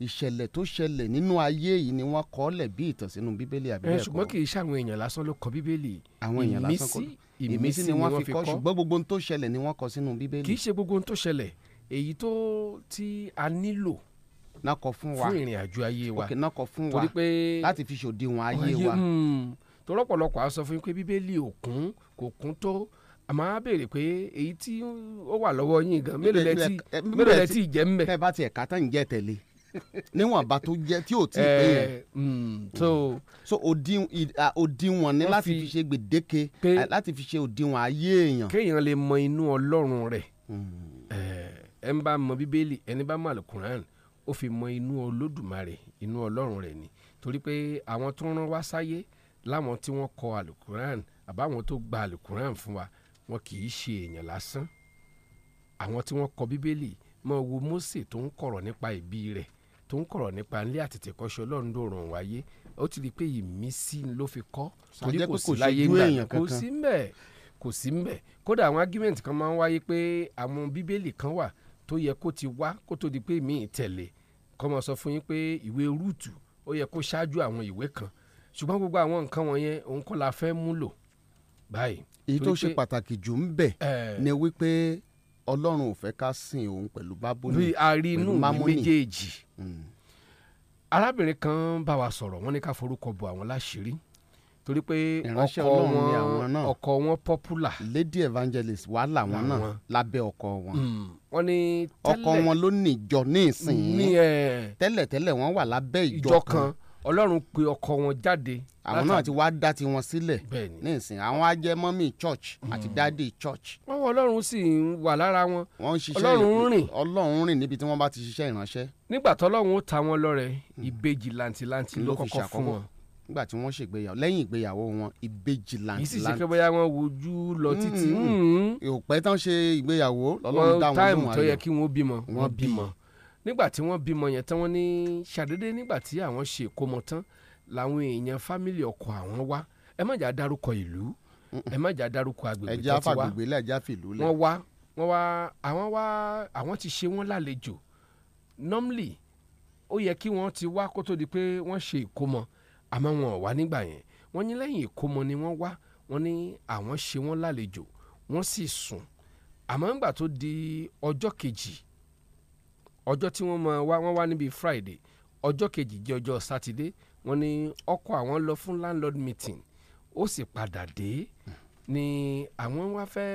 ìṣẹ̀lẹ̀ tó ṣẹlẹ̀ nínú ayé yìí ni wọ́n kọ lẹ̀ bí ìtàn sínú bíbélì àbí bẹ́ẹ̀ kọ́. ṣùgbọ́n kì í ṣàwọn èèyàn lásán ló kọ bíbélì. àwọn èèyàn lásán kọ ìmísí ni wọ́n fi kọ ṣùgbọ́n gbogbo ohun tó ṣẹlẹ̀ ni wọ́n kọ sínú bíbélì. kì í ṣe gbogbo ohun tó ṣẹlẹ̀ èyí tó tí a nílò náà kọ fún wa fún ìrìn àjò ayé wa ok náà kọ fún wa torí pé láti fi ṣòdiwọ̀n ayé wa hmm. torí ọ̀pọ̀lọpọ̀ a sọ fún yín pé bíbélì ò kún kò kún tó àmọ́ a béèrè pé èyí tí ó wà lọ́wọ́ yín gan mélòó lẹ́tì mélòó lẹ́tì jẹ́ ń bá tiẹ̀ ká tán jẹ́ tẹ̀lé (laughs) níwọ̀n bá tó jẹ́ tí ò tí ì pé yẹn. Hmm, so òdiwọ̀n ni láti fi ṣe gbèdéke láti fi ṣe òdiwọ̀n ayé èèyàn. kéèyàn lè mọ inú ọlọ́run rẹ̀ hmm. ẹ̀ ń bá mọ bíbélì ẹni bá mọ àlùkùránì ó fi mọ inú olódùmarè inú ọlọ́run rẹ̀ ni torí pé àwọn tó rán wá sáyé láwọn tí wọ́n kọ alukuran àbáwọn tó gba alukuran fún wa wọn kì í ṣe èèyàn lásán àwọn tí wọ́n kọ bíbélì máa wo Mósè tó ń kọ̀rọ̀ nípa ìbí rẹ̀ tó ń kọ̀rọ̀ nípa nílé àtètèkọ́ṣe ọlọ́run dòrùn wáyé ó ti di pé ìmísí ló fi kọ́ torí kò sí láyé gbà kò sí mbẹ̀ kò sí mbẹ̀ kódà àwọn argument kan máa ń wáyé pé àwọn bíbélì kan wà tó yẹ kó ti wá kó tó di pé míì tẹ̀lé kọ́ mọ̀ sọ fún yín pé ìwé rúùtù ó yẹ kó ṣáájú àwọn ìwé kan ṣùgbọ́n gbogbo àwọn nǹkan wọ̀nyẹn òun kọ́ la fẹ́ mú lò báyìí. èyí tó ṣe pàtàkì jù ń bẹ̀ ni wípé ọlọ́run ò fẹ́ ká sìn òun pẹ̀lú bábúni pẹ̀lú mamoni. rí inú méjèèjì hmm. arábìnrin kan bá wa sọ̀rọ̀ wọ́n ní ká forúkọ bò àwọn láṣìírí torí pé ọkọ wọn ọkọ wọn popular. lady evangelist wà làwọn náà lábẹ́ ọkọ wọn. Hmm. wọ́n ní tẹ́lẹ̀ ọkọ wọn ló ní ìjọ ní ìsìn tẹ́lẹ̀ tẹ́lẹ̀ wọ́n wà lábẹ́ ìjọ kan ọlọ́run pe ọkọ wọn jáde. àwọn náà ti wá dá tiwọn sílẹ̀ ní ìsìn àwọn á jẹ́ mọ́mì church àti hmm. dáàdì church. wọ́n wọ ọlọ́run sì ń wà lára wọn ọlọ́run rìn ọlọ́run rìn níbi tí wọ́n bá ti ṣiṣẹ́ ìránṣẹ́. nígbà tọ́lọ́run ó ta wọn lọ́rẹ hmm. ìbejì làǹtìlàǹtì ló kọ́kọ́ fún wọn nígbà tí wọ́n ṣègbéyàwó lẹ́yìn ìgbéyàwó wọn ìbejì lantilanti. yìí sì ṣe pé bóyá wọn wojú lọ títí. òpẹ́ tán ṣe ìgbéyàwó lọ́lọ́run dáhùn lóhùn ayọ̀ wọn táìmù tó yẹ kí wọ́n bímọ wọ́n bímọ nígbà tí wọ́n bímọ yẹn tán wọ́n ní ṣàdédé nígbà tí àwọn ṣe ìkómọ tán làwọn èèyàn fámìlì ọkọ àwọn wá ẹ má jà dárúkọ ìlú ẹ má jà dárúkọ agbègbè tó wá normally ó yẹ kí wọ́n ti wá kó tó di pé wọ́n ṣe ìkómọ àmọ́ wọn ò wá nígbà yẹn wọ́n ní lẹ́yìn ìkómọ ni wọ́n wá wọ́n ní àwọn ṣe wọ́n lálejò wọ́n sì sùn àmọ́ ńgbà tó di ọjọ́ kejì ọjọ́ tí wọ́n máa wá wọ́n wá níbi Friday ọjọ́ kejì jẹ́ ọjọ́ sátidé wọ́n ní ọkọ àwọn lọ fún landlord meeting ó sì padà dé ni àwọn wá fẹ́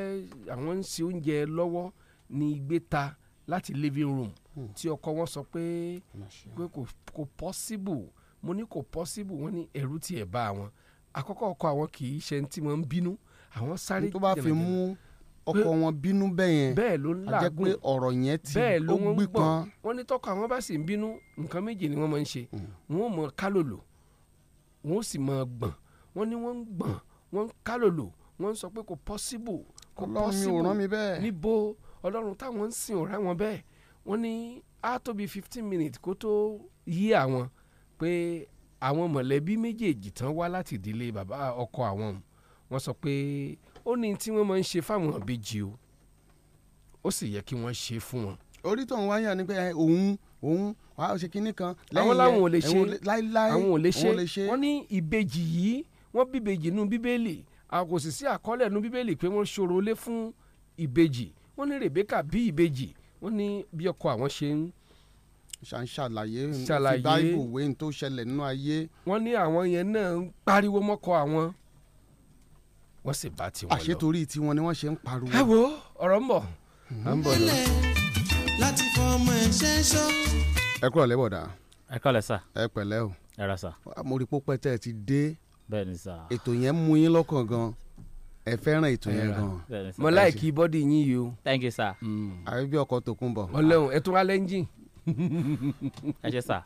àwọn ń ṣe oúnjẹ lọ́wọ́ ní igbe ta láti living room hmm. tí ọkọ wọn sọ pé pé kò possible mo ní kò possible wọ́n ní ẹ̀rù tiẹ̀ bá wọn àkọ́kọ́ ọkọ àwọn kì í ṣe tí wọ́n ń bínú àwọn sáré jẹ̀nàjẹ̀nà. tó bá fi mú ọkọ wọn bínú bẹ́ẹ̀ yẹn a jẹ́ pé ọ̀rọ̀ yẹn ti ó gbí kan. wọ́n ní tọkọ àwọn bá sì ń bínú nǹkan méje ni wọ́n máa ń ṣe mm. wọ́n mọ kálòlò wọ́n sì mọ gbọ̀n wọ́n ní wọ́n ń gbọ̀n wọ́n ń kálòlò wọ́n ń sọ pé kò possible kò possible níbo ọlọ́run táwọn ń sìn ọ̀rá wọn bẹ́ẹ̀ wọ́n ní á tóbi fifteen minutes kó tó yí àwọn pé àwọn mọ̀lẹ́bí méjèèjì tán wá láti ìdílé bàbá ọkọ àwọn wọ́n sọ pé ó ní tí wọ́n máa ń ṣe fáwọn ìbejì o ó sì yẹ kí wọ́n ṣe fún wọn. orí tó ń wáyà ni pé òun òun wàá ṣe kinní kan. àwọn làwọn ò lè ṣe àwọn ò lè ṣe wọ́n ní ìbejì yìí wọ́n bíbejì nínú bíbélì kò sì sí àkọọ́lẹ̀ nínú bíbélì pé wọ́n ṣòro lé fún ìbejì wọ́n ní Rèbékà bí ìbejì wọ́n ní bí ọkọ àwọn ṣe ń ṣàlàyé ṣàlàyé báìbù wé ní tó ṣẹlẹ̀ nínú ayé. wọ́n ní àwọn yẹn náà ń pariwo mọ́kọ àwọn wọ́n sì bá tiwọn lọ. àṣetorí tiwọn ni wọ́n ṣe ń pariwo. ẹ wo ọ̀rọ̀ ń bọ̀ à ń bọ̀ lọ. láti fọ ọmọ ẹ ṣe é ṣọ́. ẹ kúrò lẹ́bọ̀dà. ẹ kúrò lẹ́sà. ẹ pẹ̀lẹ́ o. ẹ ra sà. Ah, mo rí pópẹ́ tẹ́ ẹ ti dé. bẹ́ẹ̀ ni sà. ètò yẹn mú yín lọ́kàn gan-an ẹ fẹ́ràn ètò yẹn gan. mo láìkí bọ́dì yín yìí o. thank you sir. Hmm. àbí bí ọkọ̀ tó kún bọ̀. ọlọ́run ẹ tún wá lẹ́ńjìn ẹ ṣe sà.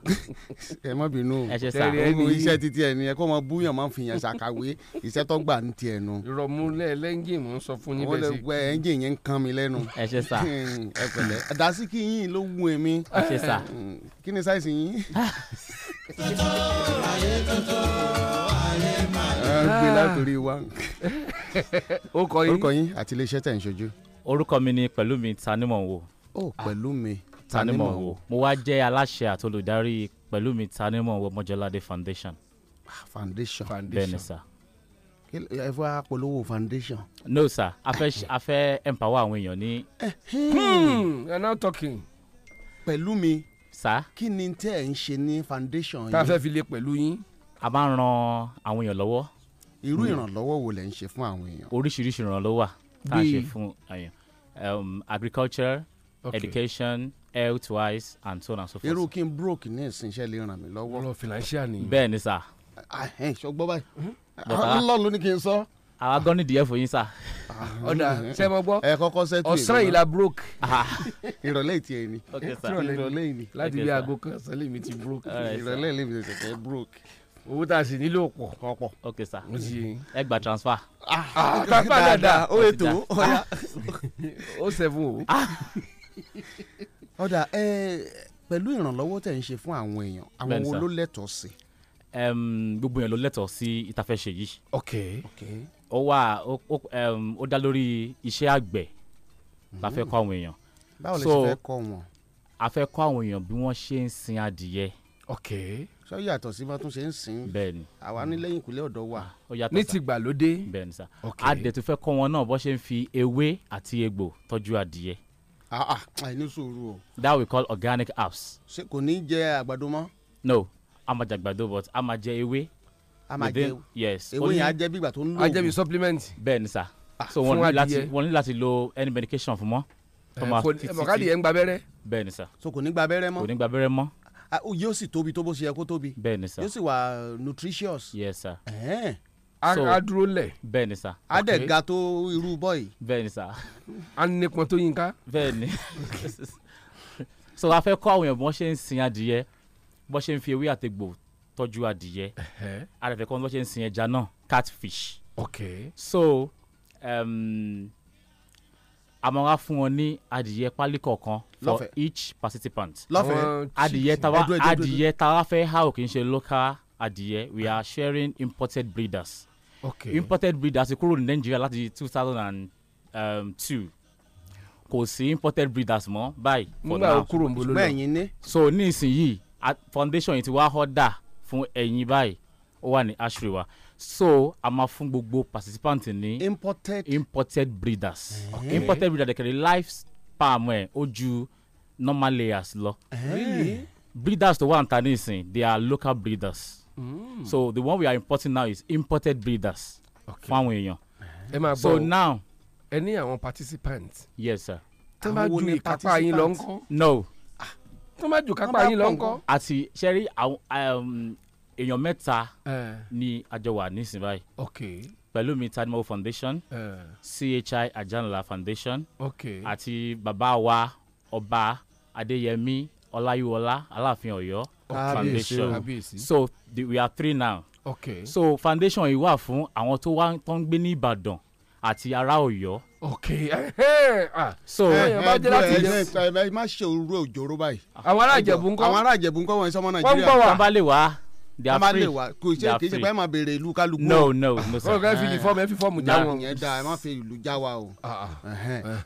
ẹ má bínú ẹ ṣe sà ẹnu iṣẹ́ títí ẹni ẹ kó mọ búyàn máa ń fi yàn ṣàkàwé iṣẹ́ tó gbà ní tiẹ̀ nu. ìrọ̀múlẹ̀ lẹ́ńgìn mò ń sọ fún yín bẹ́ẹ̀ sí. wọ́n lè ẹ́ńgìn yẹn ń kan mi lẹ́nu. ẹ ṣe sà. ẹ pẹ̀lẹ́ dasiki yín ló wù èmi. ẹ ṣe sà. kí ni sáìsì yín. gbé látòrí wa. orúkọ yín àti iléeṣẹ́ tẹ̀ ń ṣojú. orúkọ mi ni Pẹ̀lúmi Tanimọ̀wò. ó oh, Pẹ̀lúmi tanimọ̀ wo mo wá jẹ́ aláṣẹ àti olùdarí pẹ̀lú mi tanimọ̀ wo mọ́jọ́ládé foundation. Ah, foundation foundation bẹ́ẹ̀ni sá. ẹ fẹ́ apolówó foundation. no sir a fẹ́ a fẹ́ empower àwọn èèyàn ní. Hmm, you are not talking. pẹ̀lú mi. sá. kí ni tẹ́ ẹ̀ ń ṣe ní foundation yìí. tá a fẹ́ fi lé pẹ̀lú yín. a máa ń ran àwọn èèyàn lọ́wọ́. irú hmm. ìrànlọ́wọ́ wo lẹ̀ ń ṣe fún àwọn èèyàn. oríṣiríṣi ìrànlọ́wọ́ wà tá a ṣe fún àyàn um, agriculture okay. education health wise and so on and so forth. irú kí n broke ní ìsinṣẹ́ lè ràn mí lọ́wọ́. lọ financial ni. bẹ́ẹ̀ ni sà. Ah, ṣọgbọ́n báyìí mhm. ah, ọlọ́run ló ní kí n sọ. àwa gan ni díẹ̀ fún yín sà. ọ̀dà ah, ṣe mo gbọ́. ẹ kọ́kọ́ sẹ́tù èmi ọ̀sán yìí la broke. ìrọ̀lẹ́ ìtì ẹ̀ ni. ìrọ̀lẹ́ ìní. láti bí aago kan sẹ́lẹ̀ mi ti broke. ìrọ̀lẹ́ ilé mi ti sẹ̀kẹ́ broke owó tá a sì nílò transfer. transfer dada (laughs) o ètò ọ̀ya (laughs) ọ̀dà ẹ pẹ̀lú ìrànlọ́wọ́ tẹ̀ ń ṣe fún àwọn èèyàn àwọn wo ló lẹ́tọ̀ọ́ sí. gbogbo èèyàn ló lẹ́tọ̀ọ́ sí ìtafẹ́ṣe yìí. ok ok. ó wà ó dá lórí iṣẹ́ àgbẹ̀ la fẹ́ hmm. kọ́ àwọn èèyàn. báwo lè ṣe fẹ́ kọ́ wọn. a fẹ́ kọ́ àwọn èèyàn bí wọ́n ṣe ń sin adìyẹ. ok sọ yàtọ̀ sí bá tún ṣe ń sìn. bẹ́ẹ̀ni àwa ní lẹ́yìn ìkúlẹ̀ ọ̀dọ̀ wa. Ah, ní ti gbàlódé. bẹ́ẹ̀ni sá. ok a dẹ̀ tún fẹ́ kọ́ wọn náà bó ṣe ń fi ewé àti egbò tọ́jú adìyẹ. Ah, ah ah ní sùúrù o. that we call organic herbs. ṣe kò ní jẹ àgbàdo mọ́. no a máa jẹ àgbàdo but a máa jẹ ewé. a máa jẹ yes ewé yẹn a jẹ bí ìgbà tó ń lò. a jẹ bí supplement. bẹ́ẹ̀ ni sà ah, so wọ́n ní láti wọ́n ní láti lo any medication fún mọ́. Eh, mọ̀kàdì yẹn ń gba abẹ́rẹ́. bẹ́ẹ̀ ni sà. so kò ní gba abẹ́rẹ́ mọ́. kò ní gba abẹ́rẹ́ mọ́. Ah, yóò sì tóbi tó bó ṣe yẹ kó tóbi. bẹ́ẹ̀ ni sà. yóò sì wà nutritious. yes sà a dúró lẹ̀. bẹ́ẹ̀ni sa. a dẹ̀ ga tó irú bọ́ọ̀yì. bẹ́ẹ̀ni sa. a nípọn tó yín ká. bẹ́ẹ̀ni so a fẹ́ kọ́ àwọn èèyàn bọ́n ṣe ń sin adìyẹ bọ́n ṣe ń fi ewé àtegbò tọ́jú adìyẹ a lè fẹ́ kọ́ bọ́n ṣe ń sin ẹja náà catfish. ok so um, a máa wá fún wọn ní adìyẹ pálí kọ̀ọ̀kan for each participant. lọ́fẹ̀ẹ́ adìyẹ tàwa adìyẹ tàwa fẹ́ há òkè ń ṣe local adìyẹ we are sharing imported breeders okay. imported breed àti kúrò ní nàìjíríà láti two thousand and um, two kò sí imported breeders mọ́ báyìí. nígbà ó kúrò nbolo lọ ẹ̀yin so ní ìsinyìí foundation yìí ti wá order fún ẹ̀yin báyìí ó wà ní ashray wa so a máa fún gbogbo participant ní. imported imported breeders. okay. imported breeders dẹ̀kẹ̀rẹ̀ life palm ẹ̀ ó ju normal layers lọ. Really? breeders tó wà níta nísìn they are local breeders. So the one we are importing now is imported breeders. Okay. Fáwọn èèyàn. Ẹ máa So now. Ẹ ní àwọn participants. Yes sir. Tó ah, bá ju ìkápá yín lọ ńkọ́. No. Tó bá ju ìkápá yín lọ ńkọ́. Àti ṣẹ́rí èèyàn mẹ́ta eh. ni àjọ wà nísìnyí báyìí. Okay. Pẹ̀lú mi Tadimowo Foundation. Uh. Eh. CHI Ajanla Foundation. Okay. Àti bàbá wa ọba Adéyẹmí Olayiwola, Aláàfin Ọ̀yọ́ foundation. So the, we are three now. Okay. So foundation yìí wà fún àwọn tó wá tó ń gbé ní Ìbàdàn àti ará Ọ̀yọ́. Okay. (laughs) Ah. so ẹ ẹ ẹ má ṣe òru òjòrò báyìí. àwọn ará Ìjẹ̀bú ńkọ́. àwọn ará Ìjẹ̀bú ńkọ́ wọn sọmọ Nàìjíríà. wọ́n ń bọ̀ wá. wọ́n bá lè wá they are free they are free. kì í ṣe pé ẹ máa béèrè ìlú kálukú. no no no sir. ọ̀rọ̀ (laughs) ẹ fi ní fọ́ọ̀mù ẹ fi fọ́ọ̀mù já wọn. ìyẹn da ẹ má fi ìlú já wa o. Ah, ah.